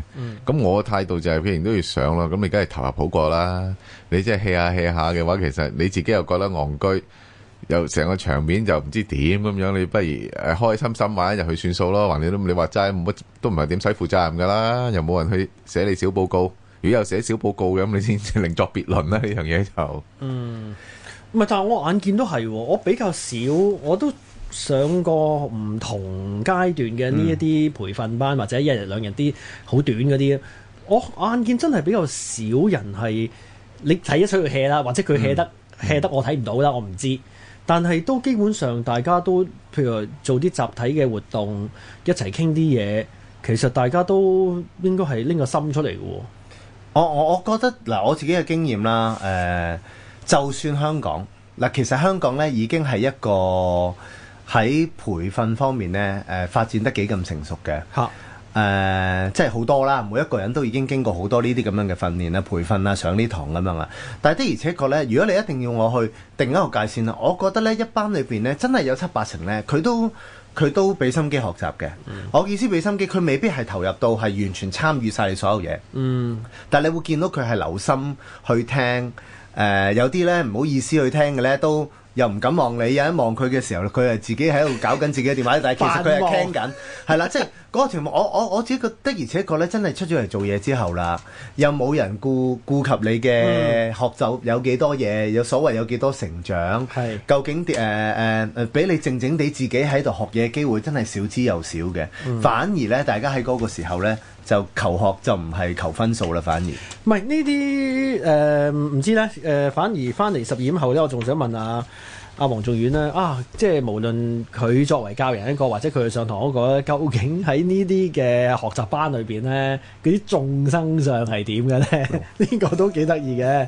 咁我嘅態度就係既然都要上咯，咁你梗係投入好過啦。你即係 hea 下 hea 下嘅話，其實你自己又覺得戇居，又成個場面就唔知點咁樣，你不如誒開心心玩一日去算數咯。橫掂都你話齋，冇乜都唔係點使負責任㗎啦，又冇人去寫你小報告。如果有寫小報告嘅，咁你先另作別論啦。呢樣嘢就嗯，唔係，但係我眼見都係，我比較少，我都。上過唔同階段嘅呢一啲培訓班，嗯、或者一日兩日啲好短嗰啲，我眼見真係比較少人係你睇得出佢 hea 啦，或者佢 hea 得 hea、嗯嗯、得我睇唔到啦，我唔知。但係都基本上大家都譬如做啲集體嘅活動，一齊傾啲嘢，其實大家都應該係拎個心出嚟嘅。我我我覺得嗱、呃，我自己嘅經驗啦，誒、呃，就算香港嗱、呃，其實香港呢已經係一個，喺培訓方面呢，誒、呃、發展得幾咁成熟嘅，誒 Huh.、呃、即係好多啦。每一個人都已經經過好多呢啲咁樣嘅訓練啦、培訓啦、上呢堂咁樣啦。但係的而且確呢，如果你一定要我去定一個界線啦，我覺得呢一班裏邊呢，真係有七八成呢，佢都佢都俾心機學習嘅。Mm. 我意思俾心機，佢未必係投入到係完全參與晒你所有嘢。嗯，mm. 但係你會見到佢係留心去聽。誒、呃、有啲呢，唔好意思去聽嘅呢，都。又唔敢望你，又一望佢嘅時候，佢係自己喺度搞緊自己嘅電話底， 但其實佢係傾緊，係啦， 即係嗰條目，我我我自己覺得，而且確咧，真係出咗嚟做嘢之後啦，又冇人顧顧及你嘅學習有幾多嘢，有所謂有幾多成長，係是究竟誒誒誒，俾、呃呃、你靜靜地自己喺度學嘢嘅機會，真係少之又少嘅，嗯、反而咧，大家喺嗰個時候咧。就求學就唔係求分數啦，反而唔係、呃、呢啲誒唔知咧誒，反而翻嚟實驗後咧，我仲想問阿阿黃仲遠咧啊，即係無論佢作為教人一個，或者佢去上堂嗰個，究竟喺呢啲嘅學習班裏邊咧，嗰啲眾生上係點嘅咧？呢、嗯、 個都幾得意嘅。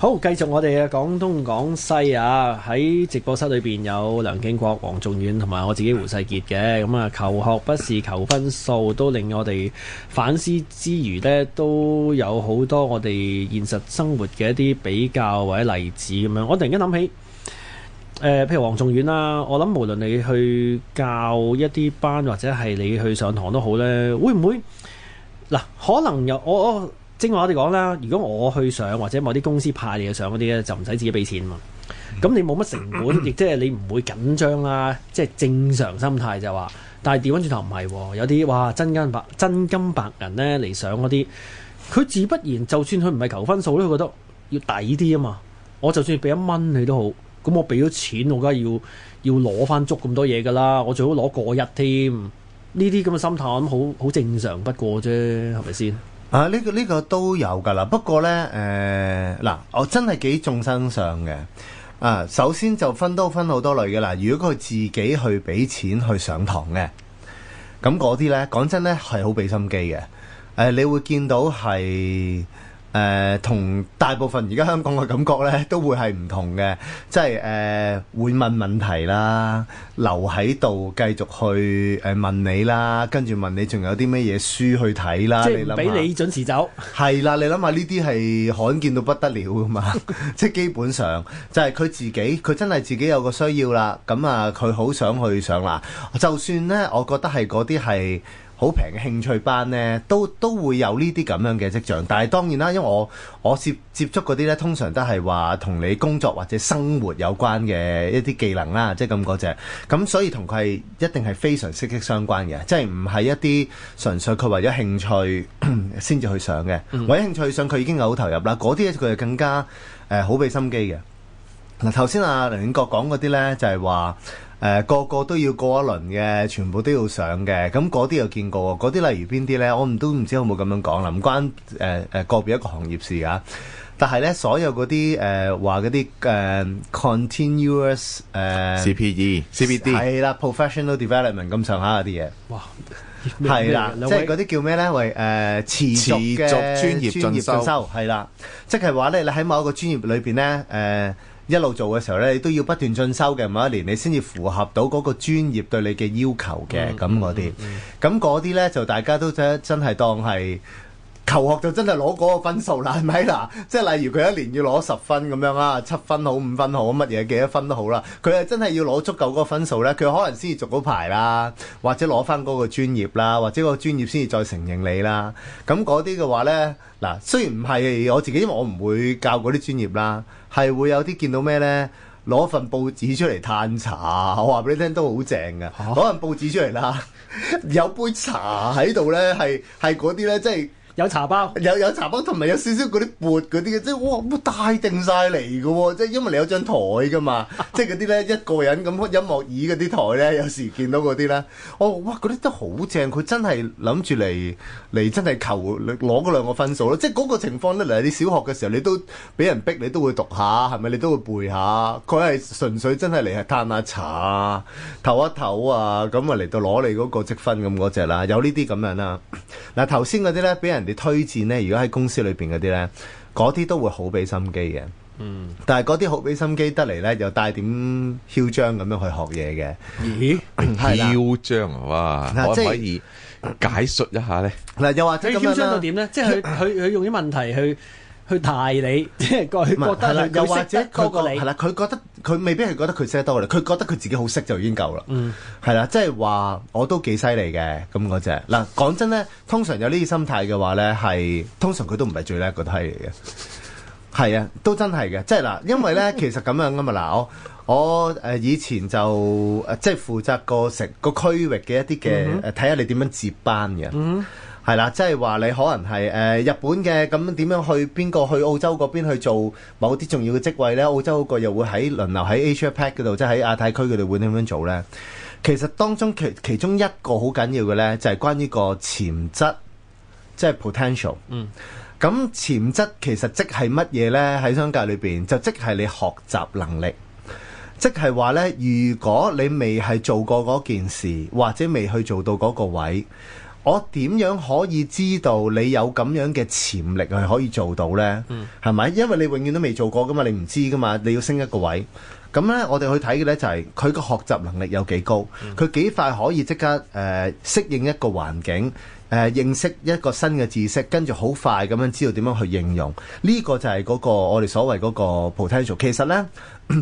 好，繼續我哋嘅廣東廣西啊！喺直播室裏邊有梁敬國、黃仲遠同埋我自己胡世傑嘅。咁啊，求學不是求分數，都令我哋反思之餘呢，都有好多我哋現實生活嘅一啲比較或者例子咁樣。我突然間諗起，誒、呃，譬如黃仲遠啦、啊，我諗無論你去教一啲班或者係你去上堂都好呢，會唔會嗱？可能有我。我正話我哋講啦，如果我去上或者某啲公司派你去上嗰啲咧，就唔使自己俾錢嘛。咁你冇乜成本，亦即係你唔會緊張啦。即係正常心態就話，但係調翻轉頭唔係有啲哇真金白真金白銀咧嚟上嗰啲，佢自不然就算佢唔係求分數咧，佢覺得要抵啲啊嘛。我就算俾一蚊你都好，咁我俾咗錢，我梗係要要攞翻足咁多嘢噶啦，我最好攞個一添。呢啲咁嘅心態我諗好好，好正常不過啫，係咪先？啊！呢、呢個呢、呢個都有㗎啦，不過呢，誒、呃、嗱、啊，我真係幾重生上嘅啊！首先就分都分好多類嘅啦，如果佢自己去俾錢去上堂嘅，咁嗰啲呢，講真呢，係好俾心機嘅，誒、啊、你會見到係。誒同大部分而家香港嘅感覺咧，都會係唔同嘅，即係誒會問問題啦，留喺度繼續去誒問你啦，跟住問你仲有啲咩嘢書去睇啦？即係你諗下，俾你準時走，係啦，你諗下呢啲係罕見到不得了噶嘛？即係基本上就係佢自己，佢真係自己有個需要啦。咁啊，佢好想去上啦，就算咧，我覺得係嗰啲係。好平嘅興趣班咧，都都會有呢啲咁樣嘅跡象。但係當然啦，因為我我接接觸嗰啲咧，通常都係話同你工作或者生活有關嘅一啲技能啦，即係咁嗰隻。咁所以同佢係一定係非常息息相關嘅，即係唔係一啲純粹佢為咗興趣先至去上嘅。為咗興趣上佢已經係好投入啦，嗰啲咧佢就更加誒好俾心機嘅。嗱頭先阿梁敬國講嗰啲咧，就係話。誒、呃、個個都要過一輪嘅，全部都要上嘅。咁嗰啲又見過喎，嗰啲例如邊啲咧？我唔都唔知有冇咁樣講啦。唔關誒誒、呃呃、個別一個行業事噶。但係咧，所有嗰啲誒話嗰啲誒 continuous 誒 CPE、CPD 係啦，professional development 咁上下嗰啲嘢。哇！係啦，的麼即係嗰啲叫咩咧？喂誒、呃、持續嘅專業進修係啦，即係話咧，就是、你喺某一個專業裏邊咧誒。呃呃一路做嘅時候呢，你都要不斷進修嘅，某一年你先至符合到嗰個專業對你嘅要求嘅，咁嗰啲，咁嗰啲呢，就大家都真真係當係。求學就真係攞嗰個分數啦，係咪嗱？即係例如佢一年要攞十分咁樣啦，七分好，五分好，乜嘢幾多分都好啦。佢係真係要攞足夠嗰個分數呢，佢可能先至續到牌啦，或者攞翻嗰個專業啦，或者個專業先至再承認你啦。咁嗰啲嘅話呢，嗱，雖然唔係我自己，因為我唔會教嗰啲專業啦，係會有啲見到咩呢？攞份報紙出嚟歎茶，我話俾你聽都好正㗎，攞份報紙出嚟啦， 有杯茶喺度呢，係係嗰啲呢，即係。有茶包， 有有茶包同埋有少少嗰啲薄嗰啲嘅，即係哇，帶定晒嚟嘅喎，即係因為你有張台嘅嘛，即係嗰啲咧一個人咁音樂椅嗰啲台咧，有時見到嗰啲咧，哦，哇嗰啲都好正，佢真係諗住嚟嚟真係求攞嗰兩個分數咯，即係嗰、那個情況咧，嚟你小學嘅時候你都俾人逼，你都會讀下，係咪你都會背下？佢係純粹真係嚟係嘆下茶、唞一唞啊，咁啊嚟到攞你嗰個積分咁嗰隻啦，有這這、啊、剛剛呢啲咁樣啦。嗱頭先嗰啲咧俾人。你推薦咧，如果喺公司裏邊嗰啲咧，嗰啲都會好俾心機嘅。嗯，但係嗰啲好俾心機得嚟咧，又帶點囂張咁樣去學嘢嘅。咦？囂張啊！哇，可唔、啊、可以、啊、解釋一下咧？嗱、啊，又或者咁樣囂張到點咧？啊、即係佢佢佢用啲問題去。去大你，即係佢覺得是又或者多過、那個、你，係啦。佢覺得佢未必係覺得佢識得多嘅，佢覺得佢自己好識就已經夠啦。嗯，係啦，即係話我都幾犀利嘅。咁嗰隻嗱，講、啊、真咧，通常有呢啲心態嘅話咧，係通常佢都唔係最叻嗰梯嚟嘅。係啊，都真係嘅，即係嗱，因為咧， 其實咁樣噶嘛嗱，我我誒、呃、以前就誒即係負責過成個區域嘅一啲嘅誒，睇下、嗯、哼你點樣接班嘅。嗯係啦，即係話你可能係誒、呃、日本嘅咁，點樣去邊個去澳洲嗰邊去做某啲重要嘅職位呢？澳洲嗰個又會喺輪流喺 Asia Pac 嗰度，即係喺亞太區佢哋會點樣做呢？其實當中其其中一個好緊要嘅呢，就係、是、關於個潛質，即、就、係、是、potential。嗯。咁潛質其實即係乜嘢呢？喺商界裏邊就即係你學習能力，即係話呢，如果你未係做過嗰件事，或者未去做到嗰個位。我點樣可以知道你有咁樣嘅潛力係可以做到呢？係咪、嗯？因為你永遠都未做過噶嘛，你唔知噶嘛。你要升一個位，咁呢，我哋去睇嘅呢，就係佢個學習能力有幾高，佢幾、嗯、快可以即刻誒適、呃、應一個環境，誒、呃、認識一個新嘅知識，跟住好快咁樣知道點樣去應用。呢、這個就係嗰、那個我哋所謂嗰個 potential。其實呢，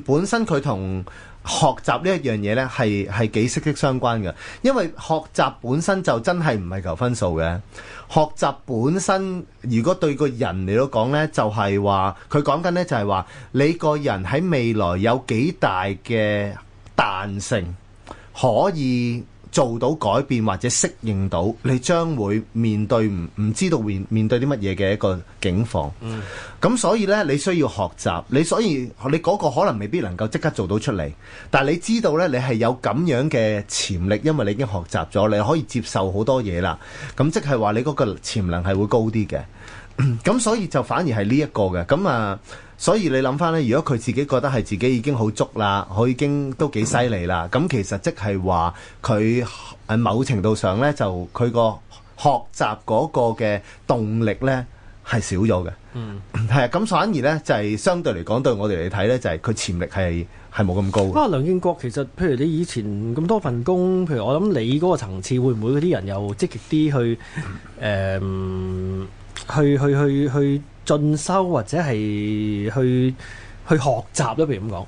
本身佢同。學習呢一樣嘢呢係係幾息息相關嘅，因為學習本身就真係唔係求分數嘅。學習本身如果對個人嚟到講呢，就係話佢講緊呢，就係話你個人喺未來有幾大嘅彈性可以做到改變或者適應到，你將會面對唔唔知道面面對啲乜嘢嘅一個境況。咁、嗯、所以呢，你需要學習。你所以你嗰個可能未必能夠即刻做到出嚟，但係你知道呢，你係有咁樣嘅潛力，因為你已經學習咗，你可以接受好多嘢啦。咁即係話你嗰個潛能係會高啲嘅。咁 所以就反而係呢一個嘅咁啊。所以你諗翻咧，如果佢自己覺得係自己已經好足啦，佢已經都幾犀利啦，咁其實即係話佢喺某程度上咧，就佢個學習嗰個嘅動力咧係少咗嘅。嗯，係啊，咁反而咧就係、是、相對嚟講對我哋嚟睇咧，就係、是、佢潛力係係冇咁高。不過，梁敬國，其實譬如你以前咁多份工，譬如我諗你嗰個層次，會唔會嗰啲人又積極啲去誒去去去去，呃去去去去去進修或者係去去學習咧，譬如咁講。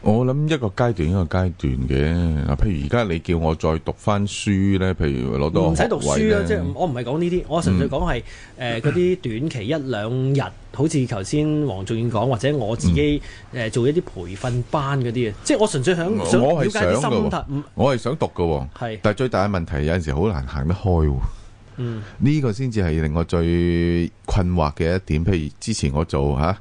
我諗一個階段一個階段嘅，啊，譬如而家你叫我再讀翻書咧，譬如攞多學位。唔使讀書啦，啊，即係我唔係講呢啲，嗯，我純粹講係誒嗰啲短期一兩日，好似頭先黃仲遠講，或者我自己誒、嗯、呃、做一啲培訓班嗰啲啊，即係我純粹想了解啲心態。我係想，哦、嗯、想讀嘅，哦，是是但係最大嘅問題有陣時好難行得開。嗯，呢個先至係令我最困惑嘅一點。譬如之前我做吓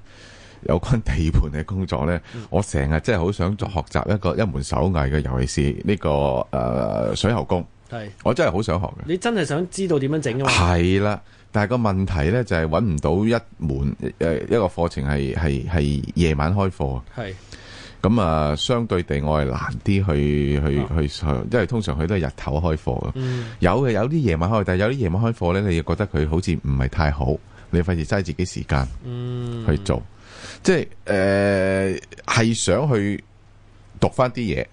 有關地盤嘅工作呢、嗯、我成日真係好想學習一個一門手藝嘅，尤其是呢、這個誒、呃、水喉工。係是，我真係好想學嘅。你真係想知道點樣整啊嘛？係啦，但係個問題呢就係揾唔到一門誒一個課程係係夜晚開課係。咁啊，相對地我，我係難啲去去去去，因為通常佢都係日頭開課噶、嗯。有嘅有啲夜晚開，但係有啲夜晚開課呢，你又覺得佢好似唔係太好，你費事嘥自己時間去做。嗯、即係誒、係、呃、想去讀翻啲嘢，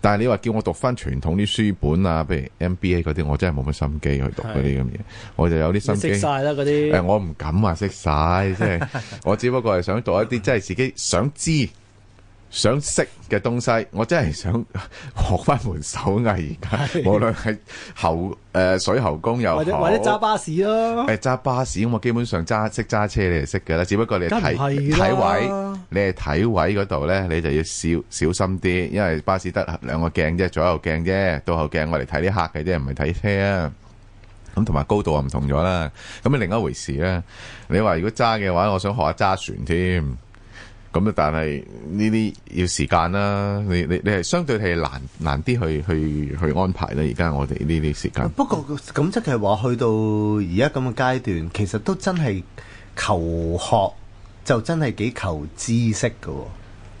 但係你話叫我讀翻傳統啲書本啊，譬如 MBA 嗰啲，我真係冇乜心機去讀嗰啲咁嘢。我就有啲心機。識晒啦嗰啲，我唔敢話識晒，即係我只不過係想讀一啲，即、就、係、是、自己想知。想識嘅東西，我真係想學翻門手藝而家。無論係喉誒水喉工又或者或者揸巴士咯，誒揸巴士咁，我基本上揸識揸車你就識㗎啦，只不過你睇睇位，你係睇位嗰度咧，你就要小小心啲，因為巴士得兩個鏡啫，左右鏡啫，到後鏡我哋睇啲客嘅啫，唔係睇車啊。咁同埋高度又唔同咗啦，咁啊另一回事啦。你話如果揸嘅話，我想學下揸船添。咁啊！但係呢啲要時間啦、啊，你你你係相對係難難啲去去去安排啦、啊。而家我哋呢啲時間，不過咁即係話去到而家咁嘅階段，其實都真係求學就真係幾求知識嘅、啊。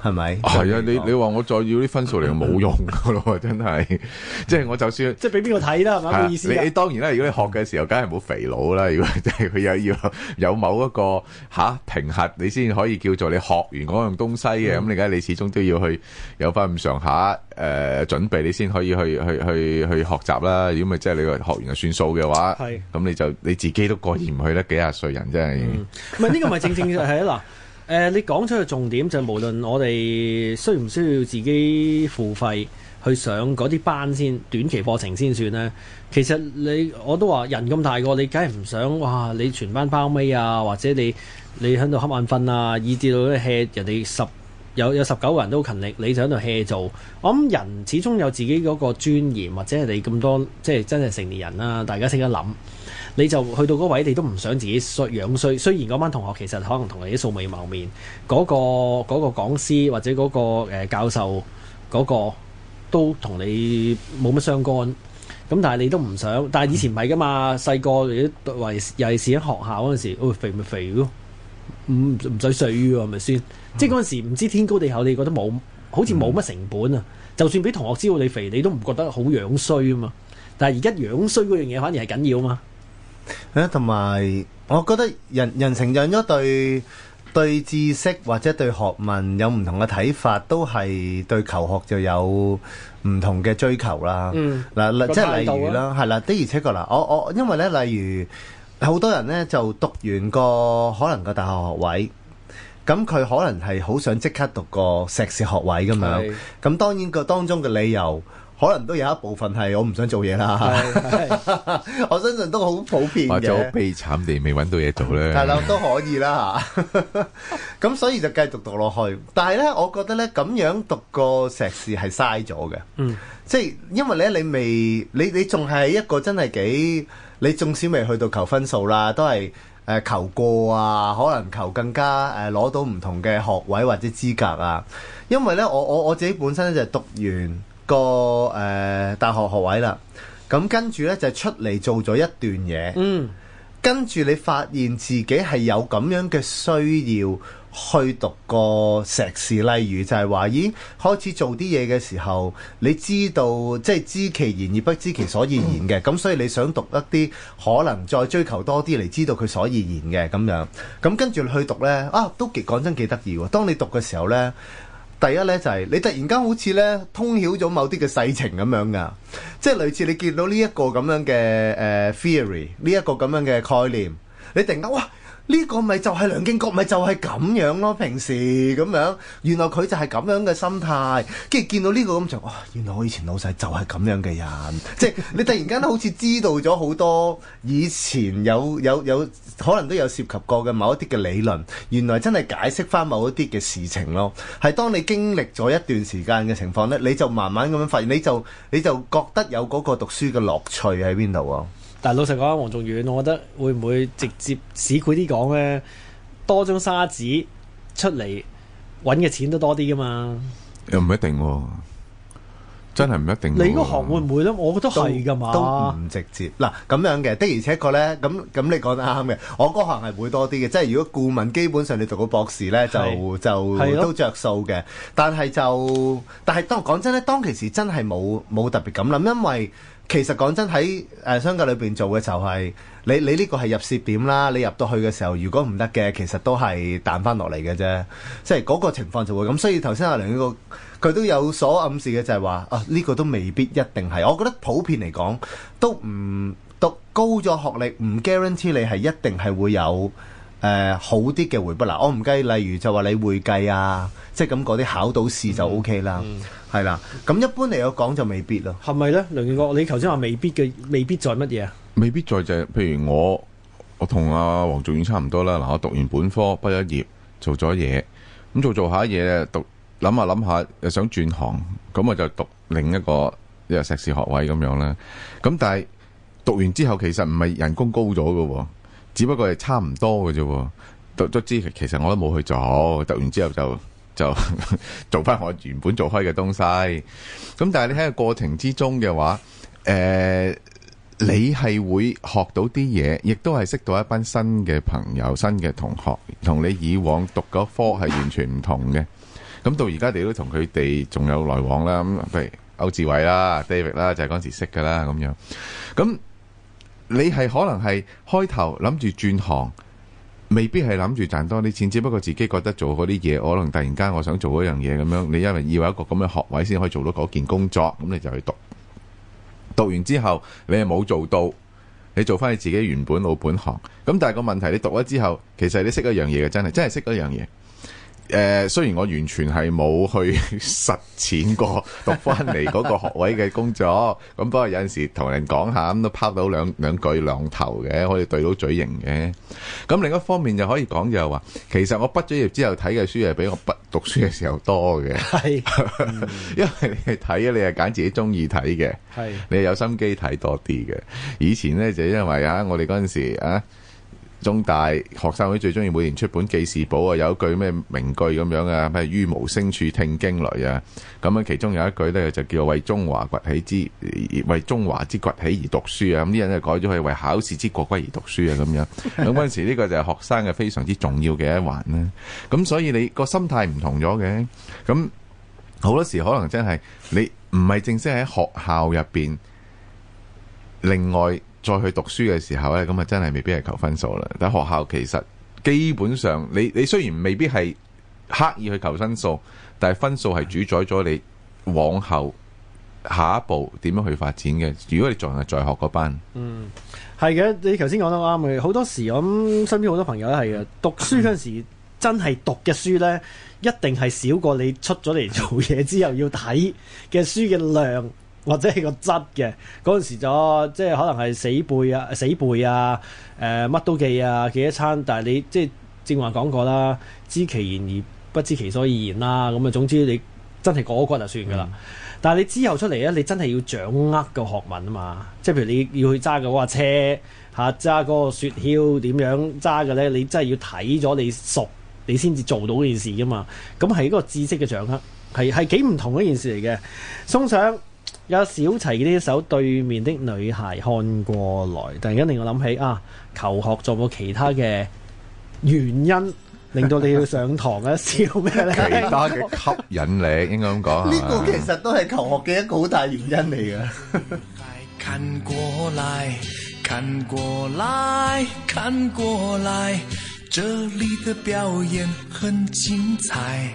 係咪？係啊！你你話我再要啲分數嚟冇用噶咯，真係。即係我就算即係俾邊個睇啦，係咪？意思？你當然啦，如果你學嘅時候，梗係冇肥佬啦。如果即係佢又要有某一個吓評核，你先可以叫做你學完嗰樣東西嘅。咁你梗係你始終都要去有翻咁上下誒準備，你先可以去去去去學習啦。如果咪即係你學完就算數嘅話，咁你就你自己都過意唔去咧。幾廿歲人真係，唔係呢個咪正正確係啊嗱。誒、呃，你講出嘅重點就係、無論我哋需唔需要自己付費去上嗰啲班先，短期課程先算呢，其實你我都話人咁大個，你梗係唔想哇！你全班包尾啊，或者你你喺度瞌眼瞓啊，以至到都 hea 人哋十有有十九個人都勤力，你就喺度 hea 做。我諗人始終有自己嗰個尊嚴，或者你咁多即係真係成年人啦、啊，大家識得諗。你就去到嗰位，你都唔想自己衰、樣衰。雖然嗰班同學其實可能同你素未謀面，嗰個嗰個講師或者嗰個、呃、教授嗰個都同你冇乜相干。咁但係你都唔想，但係以前唔係噶嘛。細個尤其係喺學校嗰陣時，哦肥咪肥咯，唔唔使衰喎，咪算、嗯、即係嗰陣時唔知天高地厚，你覺得冇好似冇乜成本啊。嗯、就算俾同學知道你肥，你都唔覺得好樣衰啊嘛。但係而家樣衰嗰樣嘢反而係緊要啊嘛。誒，同埋我覺得人人承認咗對對知識或者對學問有唔同嘅睇法，都係對求學就有唔同嘅追求啦。嗯，嗱、啊，即係例如啦，係啦、啊，啊、的而且確啦，我我因為咧，例如好多人咧就讀完個可能個大學學位，咁佢可能係好想即刻讀個碩士學位咁樣，咁的當然個當中嘅理由。可能都有一部分係我唔想做嘢啦。我相信都好普遍悲慘地未揾到嘢做咧， 係啦，都可以啦。咁 所以就繼續讀落去。但係呢，我覺得呢，咁樣讀個碩士係嘥咗嘅，嗯、即係因為呢，你未你你仲係一個真係幾你仲少未去到求分數啦，都係誒、呃、求過啊，可能求更加誒攞、呃、到唔同嘅學位或者資格啊。因為呢，我我我自己本身就係讀完。個誒、呃、大學學位啦，咁跟住呢就、出嚟做咗一段嘢，嗯，跟住你發現自己係有咁樣嘅需要去讀個碩士，例如就係話，咦，開始做啲嘢嘅時候，你知道即係、就是、知其然而不知其所以然嘅，咁、嗯、所以你想讀一啲可能再追求多啲嚟知道佢所以然嘅咁樣，咁跟住去讀呢，啊，都幾講真幾得意喎！當你讀嘅時候呢。第一咧就係、是、你突然間好似咧通曉咗某啲嘅世情咁樣㗎，即係類似你見到呢一個咁樣嘅誒、uh, theory，呢一個咁樣嘅概念，你突然間哇！呢個咪就係梁敬國，咪就係咁樣咯。平時咁樣，原來佢就係咁樣嘅心態。跟住見到呢、這個咁就，哇、哦！原來我以前老細就係咁樣嘅人， 即係你突然間好似知道咗好多以前有有有可能都有涉及過嘅某一啲嘅理論，原來真係解釋翻某一啲嘅事情咯。係當你經歷咗一段時間嘅情況呢，你就慢慢咁樣發現，你就你就覺得有嗰個讀書嘅樂趣喺邊度啊？但係老實講，黃仲遠，我覺得會唔會直接市儈啲講咧？多張沙紙出嚟揾嘅錢都多啲噶嘛？又唔一定，真係唔一定你。你嗰行會唔會咧？我覺得係噶嘛。都唔直接。嗱咁樣嘅，的而且確咧，咁咁你講得啱嘅。我嗰行係會多啲嘅，即係如果顧問基本上你讀個博士咧，就是就的都着數嘅。但係就，但係當講真咧，當其時真係冇冇特別咁諗，因為。其實講真喺誒商界裏邊做嘅就係、是、你你呢個係入蝕點啦，你入到去嘅時候如果唔得嘅，其實都係彈翻落嚟嘅啫，即係嗰個情況就會咁。所以頭先阿梁呢個佢都有所暗示嘅就係話啊呢、這個都未必一定係。我覺得普遍嚟講都唔讀高咗學歷唔 guarantee 你係一定係會有誒、呃、好啲嘅回報，嗱，我唔計例如就話你會計啊，即係咁嗰啲考到試就 OK 啦。嗯嗯係啦，咁一般嚟講就未必咯。係咪咧，梁敬國？你頭先話未必嘅，未必在乜嘢啊？未必在就，譬如我我同阿黃仲遠差唔多啦。嗱，我讀完本科，畢咗業，做咗嘢，咁做做下嘢，讀諗下諗下，又想轉行，咁我就讀另一個又碩士學位咁樣啦。咁但係讀完之後，其實唔係人工高咗噶，只不過係差唔多噶啫。讀咗之，其實我都冇去做，讀完之後就。就 做翻我原本做開嘅東西，咁但係你喺個過程之中嘅話，誒、呃，你係會學到啲嘢，亦都係識到一班新嘅朋友、新嘅同學，同你以往讀嗰科係完全唔同嘅。咁到而家你都同佢哋仲有來往啦。咁，譬如歐志偉啦、David 啦，就係嗰陣時識噶啦，咁樣。咁、嗯、你係可能係開頭諗住轉行。未必係諗住賺多啲錢，只不過自己覺得做嗰啲嘢，我可能突然間我想做嗰樣嘢咁樣。你因為要一個咁嘅學位先可以做到嗰件工作，咁你就去讀。讀完之後，你係冇做到，你做翻你自己原本老本行。咁但係個問題，你讀咗之後，其實你識一樣嘢嘅，真係真係識嗰樣嘢。誒、呃，雖然我完全係冇去實踐過讀翻嚟嗰個學位嘅工作，咁 不過有陣時同人講下，咁都拋到兩兩句兩頭嘅，可以對到嘴型嘅。咁另一方面就可以講就係、是、話，其實我畢咗業之後睇嘅書係比我不讀書嘅時候多嘅。係是， 因為你係睇啊，你係揀自己中意睇嘅，係是，你係有心機睇多啲嘅。以前呢，就因為啊，我哋嗰陣時啊。中大學生會最中意每年出本記事簿啊，有一句咩名句咁樣啊，咩於無聲處聽驚雷啊，咁啊其中有一句呢就叫為中華崛起之為中華之崛起而讀書啊，咁啲人就改咗去為考試之國歸而讀書啊咁樣。咁嗰陣時呢個就係學生嘅非常之重要嘅一環啦。咁所以你個心態唔同咗嘅，咁好多時可能真係你唔係正式喺學校入邊，另外。再去讀書嘅時候呢，咁啊真係未必係求分數啦。但學校其實基本上，你你雖然未必係刻意去求分數，但係分數係主宰咗你往後下一步點樣去發展嘅。如果你仲係在學嗰班，嗯，係嘅。你頭先講得啱嘅，好多時我身邊好多朋友都係嘅。讀書嗰陣時真係讀嘅書呢，一定係少過你出咗嚟做嘢之後要睇嘅書嘅量。或者係個質嘅，嗰陣時就即係可能係死背啊，死背啊誒乜、呃、都記啊記一餐，但係你即係正話講過啦，知其然而不知其所以然啦。咁啊，總之你真係過一關就算㗎啦。嗯、但係你之後出嚟咧，你真係要掌握個學問啊嘛。即係譬如你要去揸個嗰架車嚇，揸嗰個雪橇點樣揸嘅咧，你真係要睇咗你熟，你先至做到件事㗎嘛。咁係一個知識嘅掌握，係係幾唔同一件事嚟嘅。送上。有小齊呢首，對面的女孩看過來。突然間令我諗起啊，求學仲有冇其他嘅原因令到你要上堂咧？笑咩咧？其他嘅吸引力 應該咁講。呢個其實都係求學嘅一個好大原因嚟嘅。看過來，看過來，看過來，這裡嘅表演很精彩。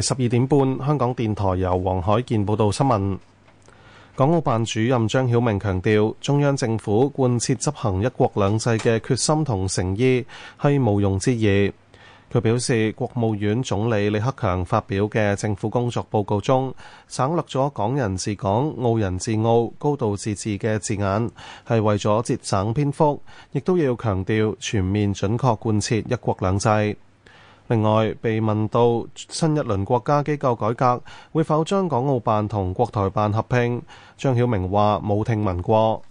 十二點半，香港電台由黃海健報道新聞。港澳辦主任張曉明強調，中央政府貫徹執行一國兩制嘅決心同誠意係毋庸置疑。佢表示，國務院總理李克強發表嘅政府工作報告中，省略咗「港人治港、澳人治澳、高度自治」嘅字眼，係為咗節省篇幅，亦都要強調全面準確貫徹一國兩制。另外，被問到新一輪國家機構改革會否將港澳辦同國台辦合併，張曉明話冇聽聞過。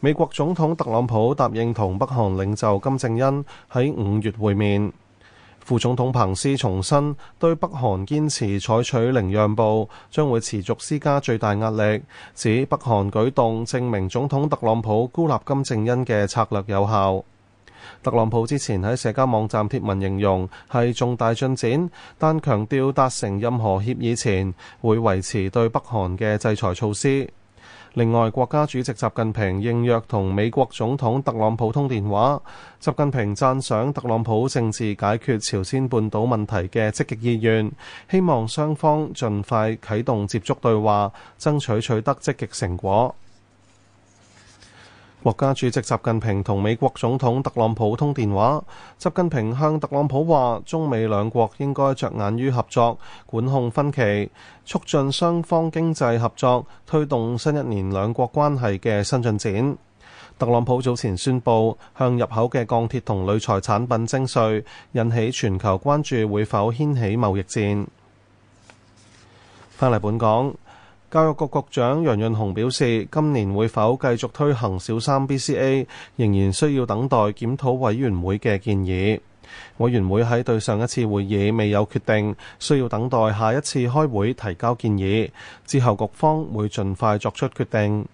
美國總統特朗普答應同北韓領袖金正恩喺五月會面。副總統彭斯重申對北韓堅持採取零讓步，將會持續施加最大壓力，指北韓舉動證明總統特朗普孤立金正恩嘅策略有效。特朗普之前喺社交網站貼文形容係重大進展，但強調達成任何協議前會維持對北韓嘅制裁措施。另外，國家主席習近平應約同美國總統特朗普通電話，習近平讚賞特朗普政治解決朝鮮半島問題嘅積極意願，希望雙方盡快啟動接觸對話，爭取取得積極成果。國家主席習近平同美國總統特朗普通電話，習近平向特朗普話：中美兩國應該着眼於合作，管控分歧，促進雙方經濟合作，推動新一年兩國關係嘅新進展。特朗普早前宣佈向入口嘅鋼鐵同鋁材產品徵稅，引起全球關注，會否掀起貿易戰？翻嚟本港。教育局局長楊潤雄表示，今年會否繼續推行小三 BCA，仍然需要等待檢討委員會嘅建議。委員會喺對上一次會議未有決定，需要等待下一次開會提交建議之後，局方會盡快作出決定。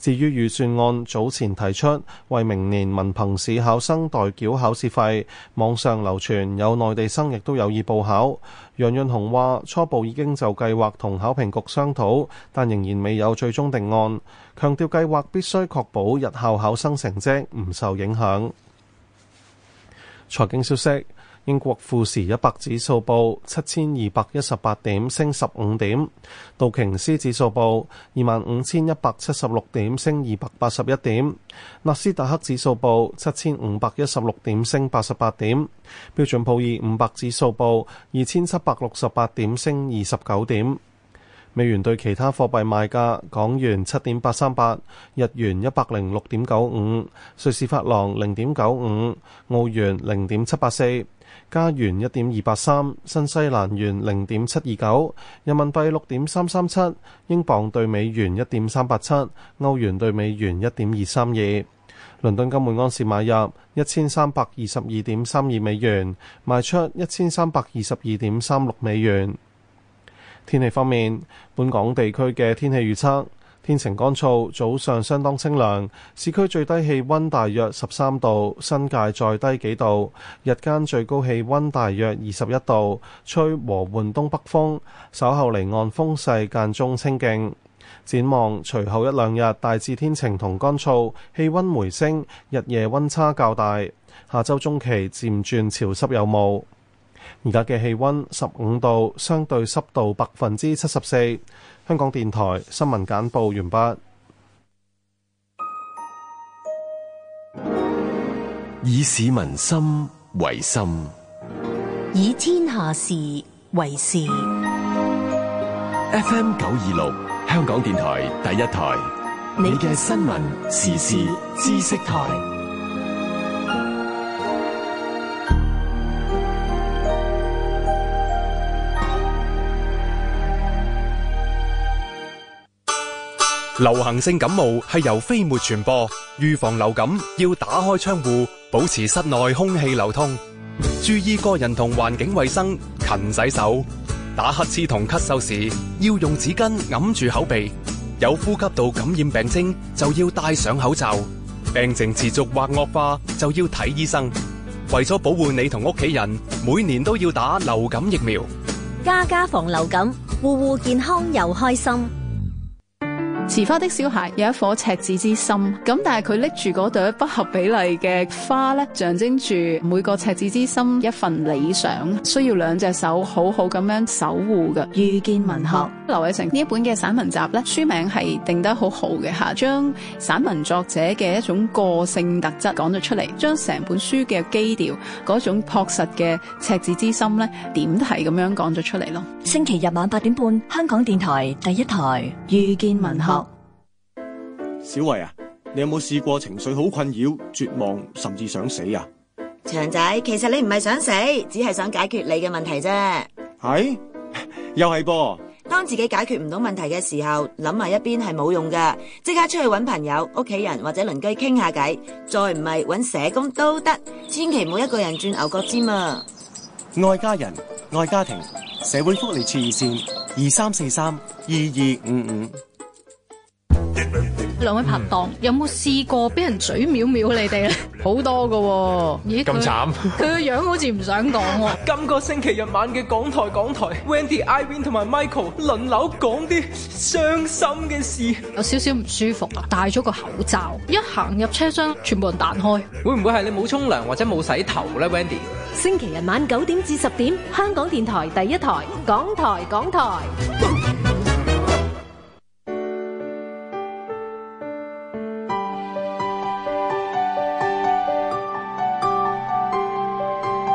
至於預算案早前提出為明年文憑試考生代繳考試費，網上流傳有內地生亦都有意報考。楊潤雄話：初步已經就計劃同考評局商討，但仍然未有最終定案。強調計劃必須確保日校考生成績唔受影響。財經消息。英國富時一百指數報七千二百一十八點，升十五點。道瓊斯指數報二萬五千一百七十六點，升二百八十一點。納斯達克指數報七千五百一十六點，升八十八點。標準普爾五百指數報二千七百六十八點，升二十九點。美元對其他貨幣賣價：港元七點八三八，日元一百零六點九五，瑞士法郎零點九五，澳元零點七八四。加元一點二八三，3，新西蘭元零點七二九，人民幣六點三三七，英鎊對美元一點三八七，歐元對美元一點二三二。倫敦金每安士買入一千三百二十二點三二美元，賣出一千三百二十二點三六美元。天氣方面，本港地區嘅天氣預測。天晴乾燥，早上相當清涼，市區最低氣温大約十三度，新界再低幾度。日間最高氣温大約二十一度，吹和緩東北風，稍後離岸風勢間中清勁。展望隨後一兩日大致天晴同乾燥，氣温回升，日夜温差較大。下周中期漸轉潮濕有霧。而家嘅氣温十五度，相對濕度百分之七十四。香港電台新聞簡報完畢。以市民心為心，以天下事為事。FM 九二六，香港電台第一台，你嘅新聞時事知識台。流行性感冒係由飛沫傳播，預防流感要打開窗戶，保持室內空氣流通，注意個人同環境衛生，勤洗手，打乞嗤同咳嗽時要用紙巾掩住口鼻，有呼吸道感染病徵就要戴上口罩，病情持續或惡化就要睇醫生。為咗保護你同屋企人，每年都要打流感疫苗，家家防流感，戶戶健康又開心。持花的小孩有一顆赤子之心，咁但係佢拎住嗰朵不合比例嘅花咧，象徵住每個赤子之心一份理想，需要兩隻手好好咁樣守護嘅。遇見文學，劉偉成呢一本嘅散文集咧，書名係定得好好嘅吓，將散文作者嘅一種個性特質講咗出嚟，將成本書嘅基調嗰種樸實嘅赤子之心咧，點題咁樣講咗出嚟咯。星期日晚八點半，香港電台第一台遇見文學。小維啊，你有冇試過情緒好困擾、絕望，甚至想死啊？祥仔，其實你唔係想死，只係想解決你嘅問題啫。係、哎，又係噃。當自己解決唔到問題嘅時候，諗埋一邊係冇用嘅，即刻出去揾朋友、屋企人或者鄰居傾下偈，再唔係揾社工都得，千祈唔好一個人鑽牛角尖啊！愛家人，愛家庭，社會福利署熱線二三四三二二五五。 兩位拍檔、嗯、有冇試過俾人嘴藐藐你哋咧？好多㗎、啊，咦？咁慘，佢個樣好似唔想講。今個星期日晚嘅港,港台，港台 Wendy、Ivan 同埋 Michael 輪流講啲傷心嘅事，有少少唔舒服。戴咗個口罩，一行入車廂，全部人彈開。會唔會係你冇沖涼或者冇洗頭咧？Wendy，星期日晚九點至十點，香港電台第一台，港台，港台。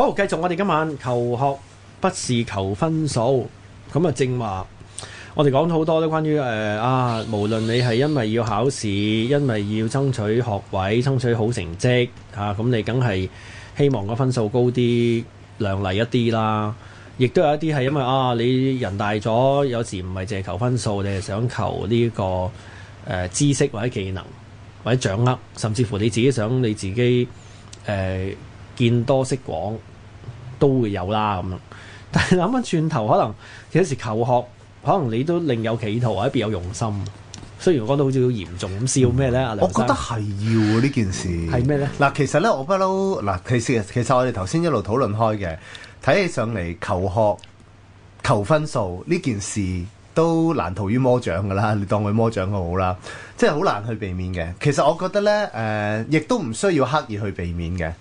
好，繼續我哋今晚求學不是求分數，咁啊正話，我哋講好多咧，關於誒啊，無論你係因為要考試，因為要爭取學位，爭取好成績，吓、啊、咁你梗係希望個分數高啲，亮麗一啲啦。亦都有一啲係因為啊，你人大咗，有時唔係淨係求分數，你係想求呢、這個、呃、知識或者技能或者掌握，甚至乎你自己想你自己誒。呃見多識廣都會有啦咁樣，但係諗翻轉頭，可能有時求學，可能你都另有企圖或者別有用心。雖然我覺得好似好嚴重咁，笑咩咧？我覺得係要呢件事。係咩咧？嗱，其實咧，我不嬲嗱，其實其實我哋頭先一路討論開嘅，睇起上嚟求學求分數呢件事都難逃於魔掌㗎啦。你當佢魔掌好啦，即係好難去避免嘅。其實我覺得咧，誒、呃、亦都唔需要刻意去避免嘅。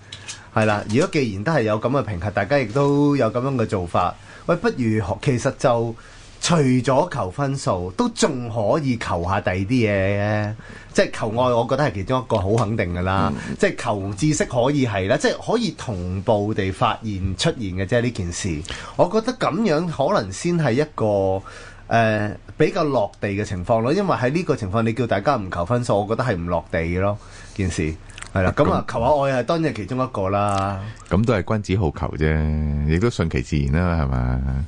係啦，如果既然都係有咁嘅評核，大家亦都有咁樣嘅做法，喂，不如學其實就除咗求分數，都仲可以求下第二啲嘢，即係求愛，我覺得係其中一個好肯定㗎啦。嗯、即係求知識可以係啦，即係可以同步地發現出現嘅啫呢件事。我覺得咁樣可能先係一個誒、呃、比較落地嘅情況咯，因為喺呢個情況，你叫大家唔求分數，我覺得係唔落地嘅咯，件事。係啦，咁啊，求下愛係當然係其中一個啦。咁、嗯、都係君子好逑啫，亦都順其自然啦、啊，係嘛？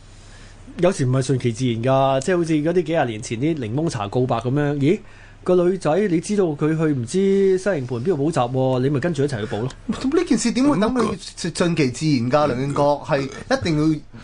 有時唔係順其自然噶，即係好似嗰啲幾廿年前啲檸檬茶告白咁樣，咦？個女仔，你知道佢去唔知西營盤邊度補習、啊，你咪跟住一齊去補咯。咁呢件事點會等佢順其自然㗎？梁敬國係一定要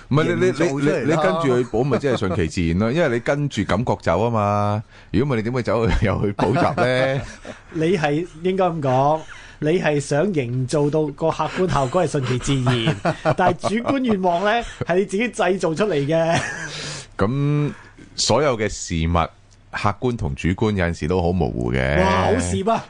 唔係是你你你你跟住去補咪即係順其自然咯？因為你跟住感覺走啊嘛。如果唔係你點會走去又去補習咧？ 你係應該咁講，你係想營造到個客觀效果係順其自然，但係主觀願望咧係你自己製造出嚟嘅。咁、 嗯、所有嘅事物。客觀同主觀有陣時都好模糊嘅，哇！好事 啊！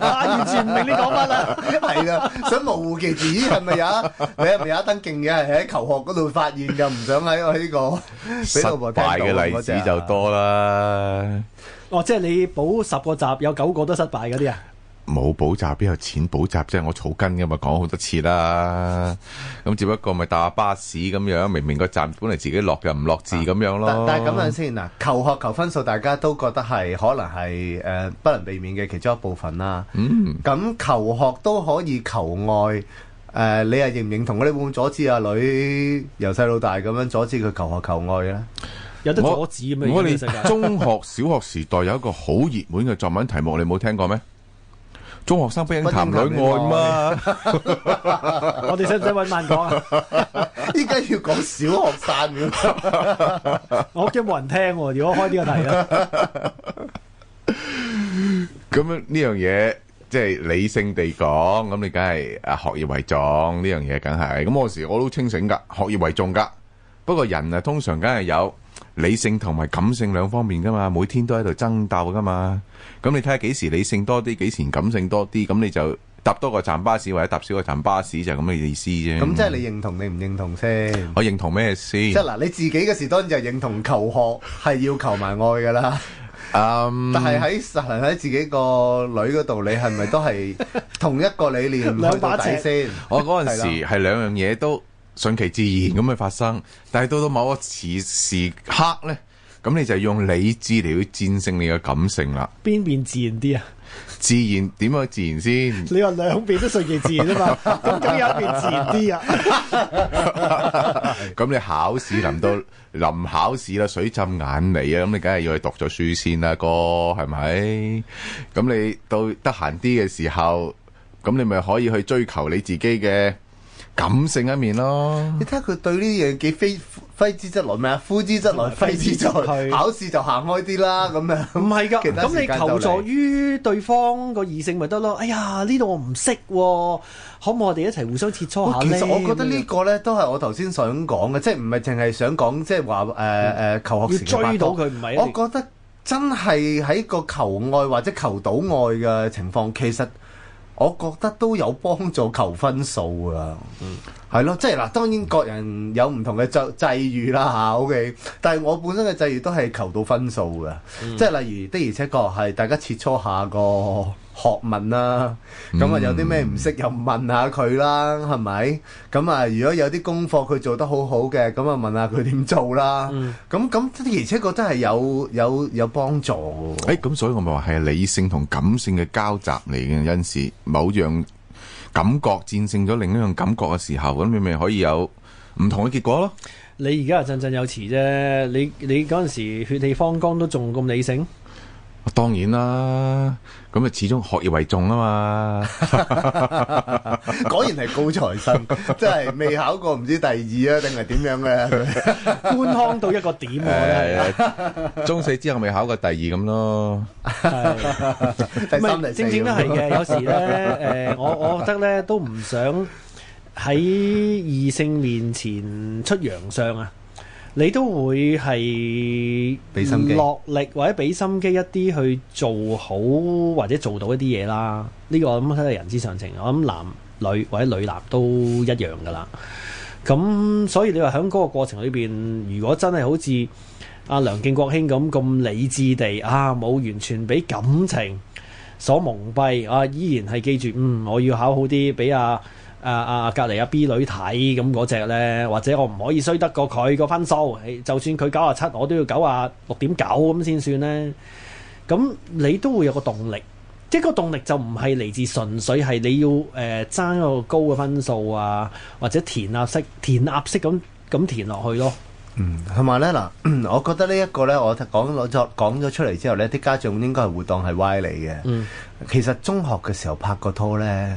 完全唔明你講乜啦，係啊！想模糊其詞係咪呀？你係咪有一登勁嘅，喺求學嗰度發現，就唔想喺我呢個失敗嘅例子就多啦。哦、啊，即係你補十個集，有九個都失敗嗰啲啊？冇補習邊有錢補習啫？我草根噶嘛，講好多次啦。咁只不過咪搭巴士咁樣，明明個站本嚟自己落又唔落字咁、啊、樣咯。但係咁樣先嗱，求學求分數，大家都覺得係可能係誒、呃、不能避免嘅其中一部分啦。咁、嗯嗯、求學都可以求愛，誒、呃、你係認唔認同？我哋會唔會阻止阿女由細到大咁樣阻止佢求學求愛咧？有得阻止咁嘅世界？我哋中學、小學時代有一個好熱門嘅作文題目， 你冇聽過咩？中學生俾人談戀愛嘛？ 我哋使唔使搵慢講啊？依 家 要講小學生， 我驚冇人聽。如果開呢個題啊，咁 樣呢樣嘢即係理性地講，咁你梗係啊，學業為重呢樣嘢，梗係咁。我時我都清醒噶，學業為重噶。不過人啊，通常梗係有理性同埋感性兩方面噶嘛，每天都喺度爭鬥噶嘛。咁、嗯嗯、你睇下幾時理性多啲，幾時感性多啲，咁你就搭多個站巴士或者搭少個站巴士就咁、係、嘅意思啫。咁即係你認同，你唔認同先？我認同咩先？即係嗱，你自己嘅時當然就認同求學係要求埋愛㗎啦。嗯、但係喺實行喺自己個女嗰度，你係咪都係同一個理念兩把持先？ 成我嗰陣時係兩樣嘢都順其自然咁去發生，嗯、但係到到某個時時刻呢。咁你就用理智嚟去戰勝你嘅感性啦。邊邊自然啲啊？自然點樣自然先？ 你話兩邊都順其自然啊嘛？咁邊 有邊自然啲啊？咁 你考試臨到臨考試啦，水浸眼眉啊！咁你梗係要去讀咗書先啦，哥係咪？咁你到得閒啲嘅時候，咁你咪可以去追求你自己嘅感性一面咯。你睇下佢對呢樣嘢幾非？揮之則來咩啊？呼之則來，揮之則去。之之的考試就行開啲啦，咁的樣。唔係噶，咁你求助於對方個異性咪得咯？哎呀，呢度我唔識、啊，可唔可以我哋一齊互相切磋下？其實我覺得個呢個咧都係我頭先想講嘅，即係唔係淨係想講即係話誒誒求學追、嗯、到佢？唔係。我覺得真係喺個求愛或者求到愛嘅情況，其實我覺得都有幫助求分數噶。嗯。係咯，即係嗱，當然各人有唔同嘅就際遇啦嚇，O K。但係我本身嘅際遇都係求到分數嘅，嗯、即係例如的而且確係大家切磋下個學問啦，咁啊、嗯、有啲咩唔識又問下佢啦，係咪？咁啊如果有啲功課佢做得好好嘅，咁啊問下佢點做啦，咁咁、嗯、的而且確真係有有有幫助。誒、欸，咁所以我咪話係理性同感性嘅交集嚟嘅有陣時，有時某樣。感覺戰勝咗另一種感覺嘅時候，咁你咪可以有唔同嘅結果咯。你陣陣而家係振振有詞啫，你你嗰陣時血氣方剛都仲咁理性。當然啦，咁啊始終學業為重啊嘛， 果然係高材生，即係未考過唔知第二啊定係點樣嘅，啊、 官腔到一個點，哎、我咧呢， 中四之後未考過第二咁 咯，係正正都係嘅， 有時咧，誒、呃，我我覺得咧都唔想喺異性面前出洋相啊。你都會係落力，力或者俾心機一啲去做好或者做到一啲嘢啦。呢、這個咁都係人之常情。我諗男女或者女男都一樣噶啦。咁所以你話喺嗰個過程裏邊，如果真係好似阿梁敬國兄咁咁理智地啊，冇完全俾感情所蒙蔽啊，依然係記住，嗯，我要考好啲，俾阿、啊。啊啊！隔籬阿 B 女睇咁嗰隻咧，或者我唔可以衰得過佢個分數，就算佢九啊七，我都要九啊六點九咁先算咧。咁你都會有個動力，即係個動力就唔係嚟自純粹係你要誒爭、呃、一個高嘅分數啊，或者填鴨式填鴨式咁咁填落去咯。嗯，同埋咧嗱，我覺得呢一個咧，我講咗講咗出嚟之後咧，啲家長應該係會當係歪理嘅。嗯，其實中學嘅時候拍過拖咧。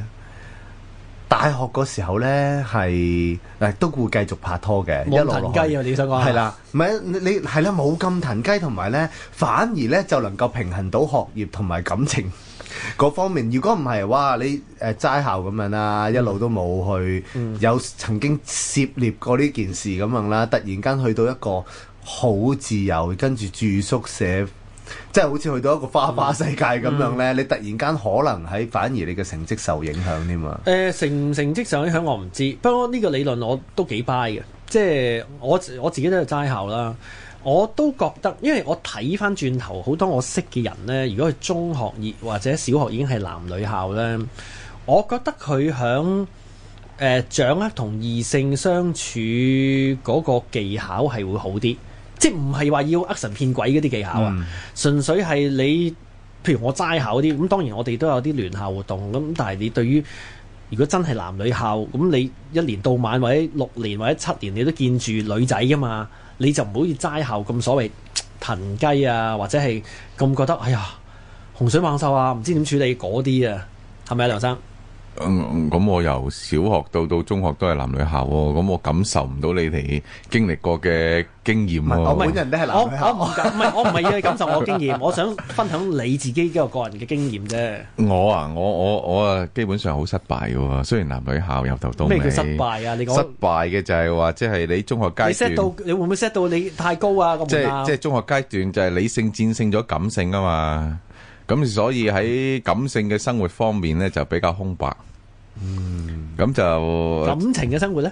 大學嗰時候呢，係誒都會繼續拍拖嘅，啊、一路落係啦，唔係你你係啦，冇咁騰雞，同埋呢，反而呢，就能夠平衡到學業同埋感情嗰 方面。如果唔係哇，你誒、呃、齋校咁樣啦、啊，嗯、一路都冇去、嗯、有曾經涉獵過呢件事咁樣啦、啊，突然間去到一個好自由，跟住住宿舍。即係好似去到一個花花世界咁樣呢，嗯、你突然間可能喺反而你嘅成績受影響添嘛？誒，成唔成績受影響我唔知，不過呢個理論我都幾 by 嘅，即係我我自己都係齋校啦，我都覺得，因為我睇翻轉頭好多我識嘅人呢，如果係中學或者小學已經係男女校呢，我覺得佢響誒掌握同異性相處嗰個技巧係會好啲。即係唔係話要呃神騙鬼嗰啲技巧啊，純、嗯、粹係你譬如我齋校嗰啲，咁當然我哋都有啲聯校活動，咁但係你對於如果真係男女校，咁你一年到晚或者六年或者七年，你都見住女仔㗎嘛，你就唔好似齋校咁所謂騰雞啊，或者係咁覺得哎呀洪水猛獸啊，唔知點處理嗰啲啊，係咪啊，梁生？嗯，咁我由小學到到中學都係男女校喎，咁我感受唔到你哋經歷過嘅經驗喎。我本人都係男女校。唔係我唔係要你感受我經驗， 我想分享你自己嘅個、個人嘅經驗啫。 我啊，我我我啊，基本上好失敗喎。雖然男女校由頭到尾。咩叫失敗啊？你講失敗嘅就係話，即係你中學階段你 set 到，你會唔會 set 到你太高啊？即係即係中學階段就係理性戰勝咗感性啊嘛。咁所以喺感性嘅生活方面咧，就比較空白。嗯，咁就感情嘅生活咧，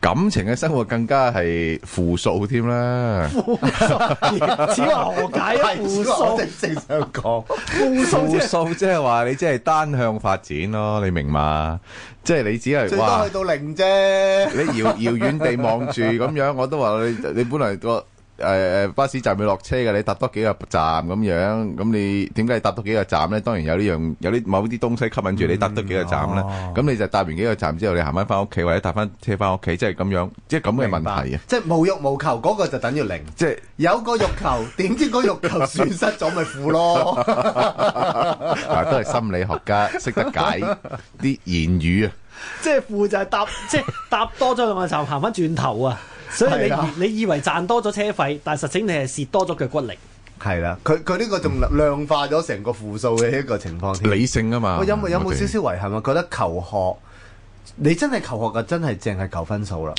感情嘅生活更加係負數添啦。負數？此話何解啊？負數，正常講，負數即係話你即係單向發展咯，你明嘛？即係你只係最多去到零啫。你遙遙遠地望住咁樣，我都話你你本來個。誒誒、呃，巴士站要落車㗎，你搭多幾個站咁樣，咁你點解搭多幾個站咧？當然有呢樣，有啲某啲東西吸引住你搭、嗯、多幾個站啦。咁、嗯、你就搭完幾個站之後，你行翻翻屋企或者搭翻車翻屋企，即係咁樣，即係咁嘅問題啊！即係無欲無求嗰，那個就等於零，即係是有個欲求，點知個欲求損失咗咪負咯？ 啊、都係心理學家識得解啲言語啊！即係負就係搭，即係搭多咗兩個站行翻轉頭啊！所以你以為賺多咗車費，但係實整你係蝕多咗腳骨力。係啦的，佢佢呢個仲量化咗成個負數嘅一個情況。理性啊嘛。有有有有我有冇有冇少少遺憾啊？覺得求學，你真係求學嘅真係淨係求分數啦。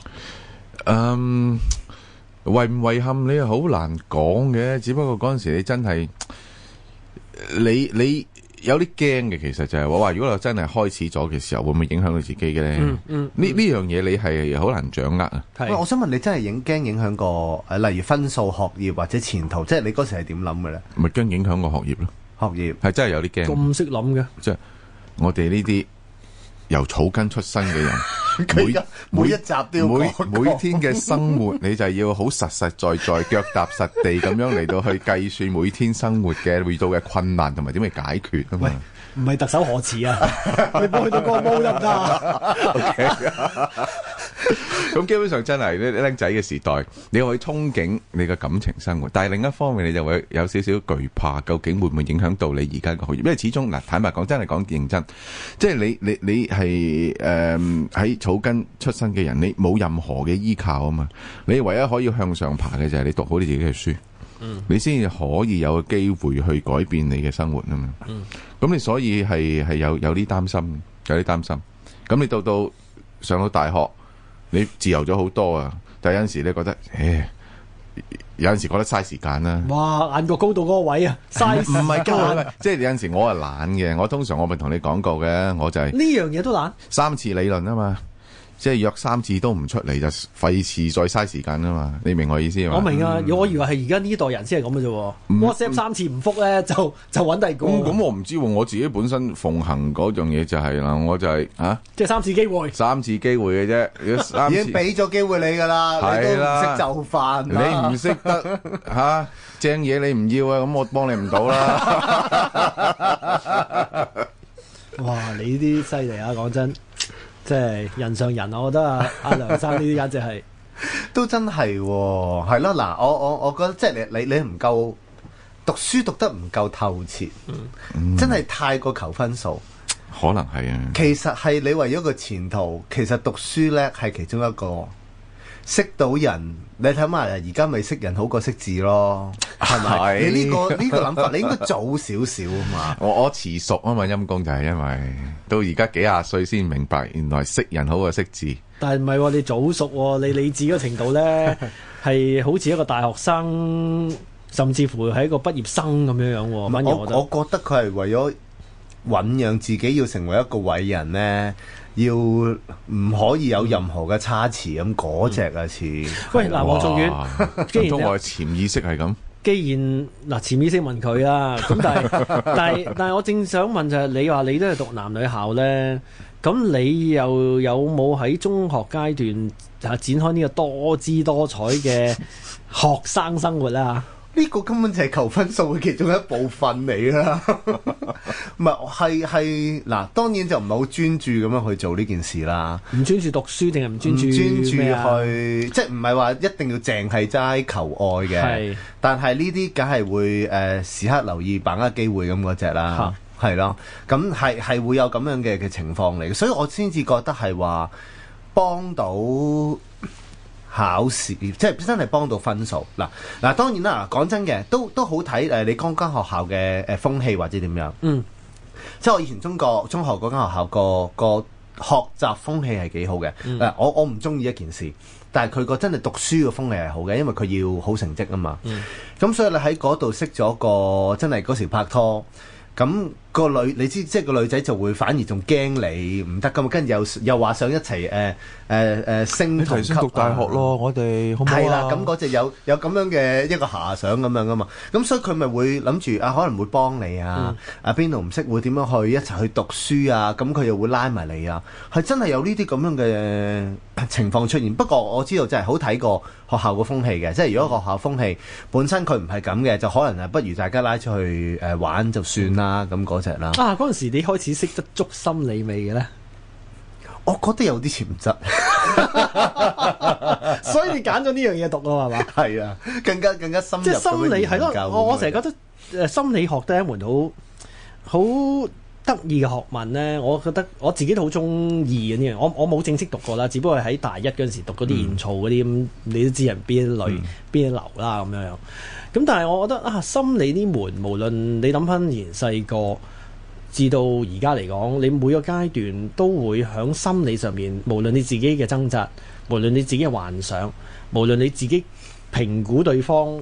嗯，um，遺唔遺憾你好難講嘅。只不過嗰陣時你真係你你。你有啲驚嘅，其實就係我話，如果你真係開始咗嘅時候，會唔會影響到自己嘅咧？嗯，嗯嗯，呢呢樣嘢你係好難掌握啊。係，我想問你，真係影驚影響過誒？啊，例如分數、學業或者前途，即係你嗰時係點諗嘅咧？咪驚影響過學業咯？學業係真係有啲驚。咁識諗嘅？即係我哋呢啲由草根出身嘅人。 每每一集都要講，每天嘅生活你就要好實實在在、 腳踏實地咁樣嚟到去計算每天生活嘅遇到嘅困難同埋點樣解決啊喂嘛。唔係特首可恥啊？你冇去到嗰個冇得。OK，咁基本上真係呢靚仔嘅時代，你可以憧憬你嘅感情生活，但係另一方面你就會有少少懼怕，究竟會唔會影響到你而家嘅學業？因為始終嗱，坦白講真係講認真，即係你你你係誒喺草根出身嘅人，你冇任何嘅依靠啊嘛，你唯一可以向上爬嘅就係你讀好你自己嘅書。嗯、你先可以有機會去改變你嘅生活啊嘛，咁、嗯、你所以係係有有啲擔心，有啲擔心。咁你到到上到大學，你自由咗好多啊，但有陣時你覺得，欸、有陣時覺得嘥時間啦。哇！眼角高度嗰個位啊，嘥唔係嘥，即係 有陣時我係懶嘅，我通常我咪同你講過嘅，我就係、係、呢樣嘢都懶，三次理論啊嘛。即係約三次都唔出嚟，就費事再嘥時間啊嘛，你明我意思嘛？我明啊，我以為係而家呢代人先係咁嘅啫，WhatsApp 三次唔覆咧就就揾第二個。咁我唔知我自己本身奉行嗰樣嘢就係啦，我就係啊，即係三次機會，三次機會嘅啫，已經俾咗機會你噶啦，你都唔識就範，你唔識得吓正嘢你唔要啊，咁我幫你唔到啦。哇，你呢啲犀利啊，講真。即係人上人，我覺得啊，阿梁生呢啲簡直係都真係、哦，係咯嗱，我我我覺得即係你你你唔夠讀書讀得唔夠透徹，嗯、真係太過求分數，可能係啊，其實係你為咗個前途，其實讀書呢係其中一個。識到人，你睇埋，而家咪識人好過識字咯，係咪吧？是你呢、這個呢 個諗法，你應該早少少啊嘛。我我遲熟啊嘛，陰功就係因為到而家幾廿歲先明白，原來識人好過識字。但係唔係你早熟喎、哦，你理智嘅程度咧係 好似一個大學生，甚至乎係一個畢業生咁樣樣我。我我覺得佢係為咗。醖釀自己要成為一個偉人呢，要唔可以有任何嘅差池咁嗰隻啊，似、那個嗯、喂嗱，黃仲遠，既然中學 然潛意識係咁，既然嗱、呃、潛意識問佢啊，咁但係 但係但係我正想問就係、是、你話你都係讀男女校呢？咁你又有冇喺中學階段展開呢個多姿多彩嘅學生生活啦？ 呢個根本就係求分數嘅其中一部分嚟啦 唔係係係嗱，當然就唔係好專注咁樣去做呢件事啦。唔專注讀書定係唔專注？專注去，麼即係唔係話一定要淨係齋求愛嘅？是但係呢啲梗係會誒、呃、時刻留意把握機會咁嗰隻啦，係咯。咁係係會有咁樣嘅嘅情況嚟，所以我先至覺得係話幫到。考試即係真係幫到分數。嗱嗱，當然啦，講真嘅都都好睇誒、啊、你嗰間學校嘅誒、呃、風氣或者點樣，嗯，即係我以前中國中學嗰間學校個個學習風氣係幾好嘅，誒、嗯、我我唔中意一件事，但係佢個真係讀書嘅風氣係好嘅，因為佢要好成績啊嘛。咁、嗯嗯、所以你喺嗰度識咗個真係嗰時拍拖咁。個女你知即係個女仔就會反而仲驚你唔得咁，跟住又又話想一齊誒誒誒升同級，讀大學咯，啊、我哋係啦。咁嗰隻有有咁樣嘅一個遐想咁樣噶嘛。咁、那個、所以佢咪會諗住啊，可能會幫你、嗯、啊，阿邊度唔識會點樣去一齊去讀書啊？咁、嗯、佢又會拉埋你啊。係真係有呢啲咁樣嘅情況出現。不過我知道真係好睇過學校個風氣嘅，即係如果學校風氣、嗯、本身佢唔係咁嘅，就可能係不如大家拉出去誒玩就算啦。咁、嗯嗯啊！嗰陣時你開始識得捉心理未嘅咧，我覺得有啲潛質， 所以你揀咗呢樣嘢讀咯，係嘛？係啊，更加更加深入嘅研究。我我成日覺得誒、呃、心理學都係一門好好得意嘅學問咧。我覺得我自己都好中意呢樣。我我冇正式讀過啦，只不過喺大一嗰陣時讀嗰啲言造嗰啲咁，你都知人邊一類邊、嗯、一流啦咁樣樣。咁但係我覺得啊，心理呢門無論你諗翻以前細個。至到而家嚟講，你每個階段都會喺心理上面，無論你自己嘅掙扎，無論你自己嘅幻想，無論你自己評估對方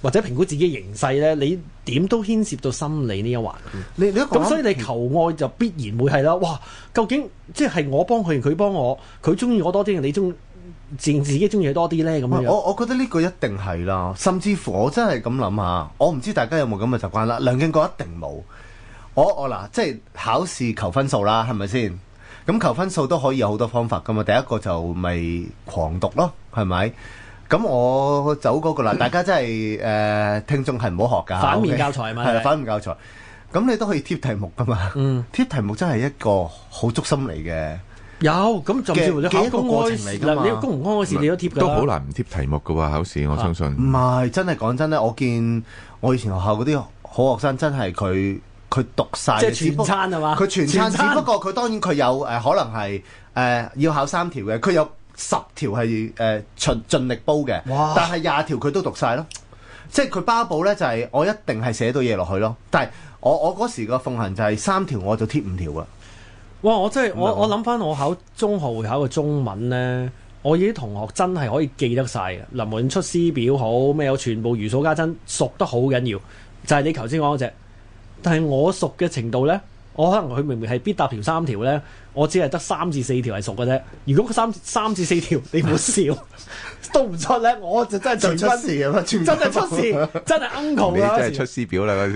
或者評估自己嘅形勢呢，你點都牽涉到心理呢一環。咁，所以你求愛就必然會係啦。哇！究竟即係我幫佢，佢幫我，佢中意我多啲，定你中自自己中意佢多啲呢？咁樣我我覺得呢個一定係啦，甚至乎我真係咁諗下。我唔知大家有冇咁嘅習慣啦。梁敬國一定冇。我我，嗱，即係考試求分數啦，係咪先？咁求分數都可以有好多方法噶嘛。第一個就咪狂讀咯，係咪？咁我走嗰個啦。大家真係誒，聽眾係唔好學噶。反面教材嘛，係反面教材。咁你都可以貼題目噶嘛。嗯，貼題目真係一個好足心嚟嘅。有咁就有個過程嚟噶嘛，嗱，你公唔公開嗰時，你都貼嘅。都好難唔貼題目噶喎，考試我相信。唔係，真係講真咧，我見我以前學校嗰啲好學生，真係佢。佢讀晒，即係全餐佢全只不過佢餐當然佢有誒、呃，可能係誒、呃、要考三條嘅，佢有十條係誒盡盡力煲嘅。哇！但係廿條佢都讀晒咯，即係佢包補呢，就係、是、我一定係寫到嘢落去咯。但係我我嗰時個奉行就係三條我就貼五條啦。哇！我真、就、係、是、我我諗翻我考中學會考嘅中文呢，我啲同學真係可以記得晒，臨門出師表好咩？有全部如數家珍，熟得好緊要。就係、是、你頭先講嗰隻，但係我熟嘅程度咧，我可能佢明明係必答條三條咧。我只係得三至四條係熟嘅啫，如果三三至四條，你冇笑都唔錯咧。我就真係全出事啊，真係出事，真係 uncle 真係出師表啦嗰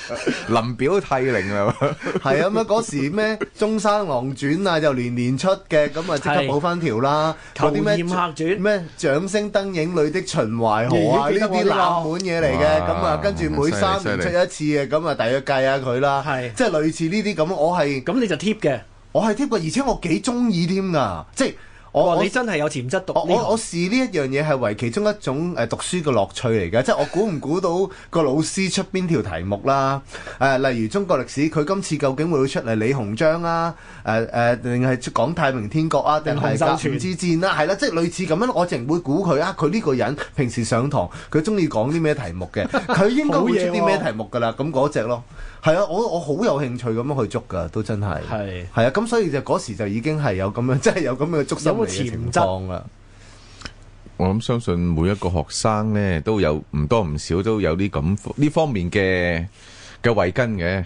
時，臨表涕零啊！係啊，咁嗰時咩《中山狼傳》啊，又年年出嘅，咁啊即刻補翻條啦。求啲咩《俠傳》咩《掌聲燈影裡的秦淮河》啊，嗰啲爛本嘢嚟嘅，咁啊跟住每三年出一次嘅，咁啊大約計下佢啦。係即係類似呢啲咁我。係咁你就貼嘅，我係貼嘅，而且我幾中意添噶，即係我,、哦、我你真係有潛質讀。我我視呢一樣嘢係為其中一種誒讀書嘅樂趣嚟嘅，即係我估唔估到個老師出邊條題目啦？誒、呃，例如中國歷史，佢今次究竟會出嚟李鴻章啊？誒、呃、誒，定係講太平天國啊？定係鴉片之戰啦、啊？係、嗯、啦，即係類似咁樣，我淨會估佢啊，佢呢個人平時上堂佢中意講啲咩題目嘅，佢應該會出啲咩題目噶啦？咁嗰、 哦、隻咯。係啊，我我好有興趣咁樣去捉㗎，都真係。係。係啊，咁所以就嗰時就已經係有咁樣，即係有咁樣嘅捉手嘅情。有冇潛質？我諗相信每一個學生呢都有唔多唔少都有啲咁呢方面嘅嘅慧根嘅。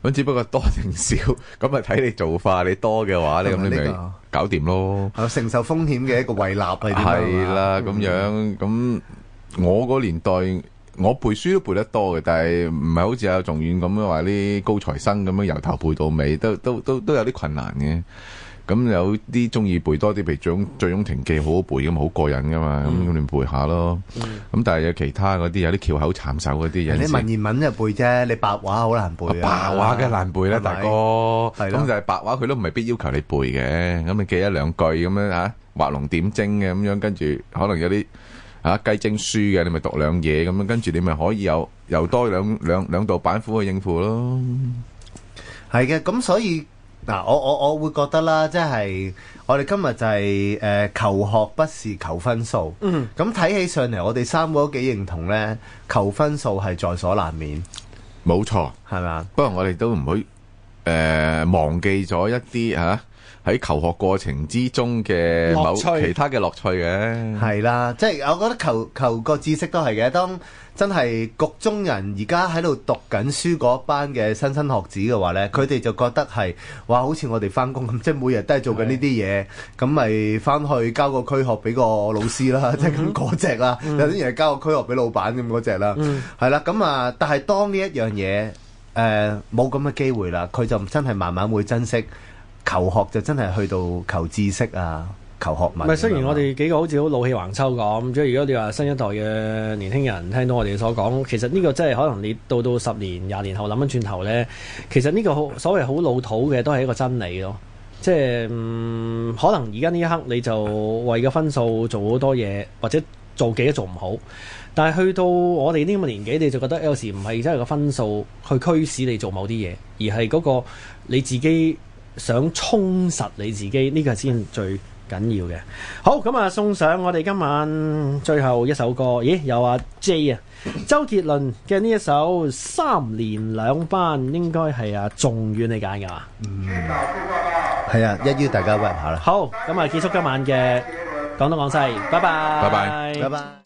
咁只不過多定少，咁咪睇你做法。你多嘅話呢，咁你咪搞掂咯。係啊，承受風險嘅一個胃納係。係啦，咁樣咁我嗰年代。我背書都背得多嘅，但係唔係好似阿仲遠咁樣話啲高材生咁樣由頭背到尾，都都都都有啲困難嘅。咁有啲中意背多啲，譬如《醉翁醉翁亭記》好好背嘅好過癮嘅嘛，咁你背下咯。咁但係有其他嗰啲有啲翹口殘手嗰啲人，你文言文就背啫，你白話好難背白話梗難背啦，大哥，咁就係白話佢都唔係必要求你背嘅，咁你記一兩句咁樣吓，畫龍點睛嘅咁樣，跟住可能有啲。吓，雞精書嘅，你咪讀兩嘢咁樣，跟住你咪可以有又多兩兩兩道板斧去應付咯。係嘅，咁所以嗱、啊，我我我會覺得啦，即係我哋今日就係誒求學不是求分數，嗯哼，咁睇起上嚟，我哋三個都幾認同咧，求分數係在所難免。冇錯，係咪？不過我哋都唔會誒忘記咗一啲吓。啊喺求學過程之中嘅某其他嘅樂趣嘅趣，係啦，即係我覺得求求個知識都係嘅。當真係局中人而家喺度讀緊書嗰班嘅新生學子嘅話呢，佢哋、嗯、就覺得係哇，好似我哋返工咁，即係每日都係做緊呢啲嘢，咁咪返去交個區學俾個老師啦，嗯、即係咁嗰隻啦。有啲人係交個區學俾老闆咁嗰隻啦。係啦、嗯，咁啊，但係當呢一、呃、樣嘢誒冇咁嘅機會啦，佢就真係慢慢會珍惜。求學就真係去到求知識啊，求學問。唔係雖然我哋幾個好似好老氣橫秋咁，即係如果你話新一代嘅年輕人聽到我哋所講，其實呢個真係可能你到到十年、廿年後諗翻轉頭呢。其實呢個好所謂好老土嘅都係一個真理咯。即係、嗯、可能而家呢一刻你就為個分數做好多嘢，或者做幾都做唔好，但係去到我哋呢個年紀，你就覺得有時唔係真係個分數去驅使你做某啲嘢，而係嗰個你自己。想充實你自己，呢個先最緊要嘅。好，咁啊送上我哋今晚最後一首歌。咦，有阿 J 啊，周杰倫嘅呢一首《三年兩班》，應該係啊仲遠你揀㗎嘛？嗯，係啊，一於大家喂下啦。好，咁啊結束今晚嘅講東講西，拜拜。拜拜，拜拜。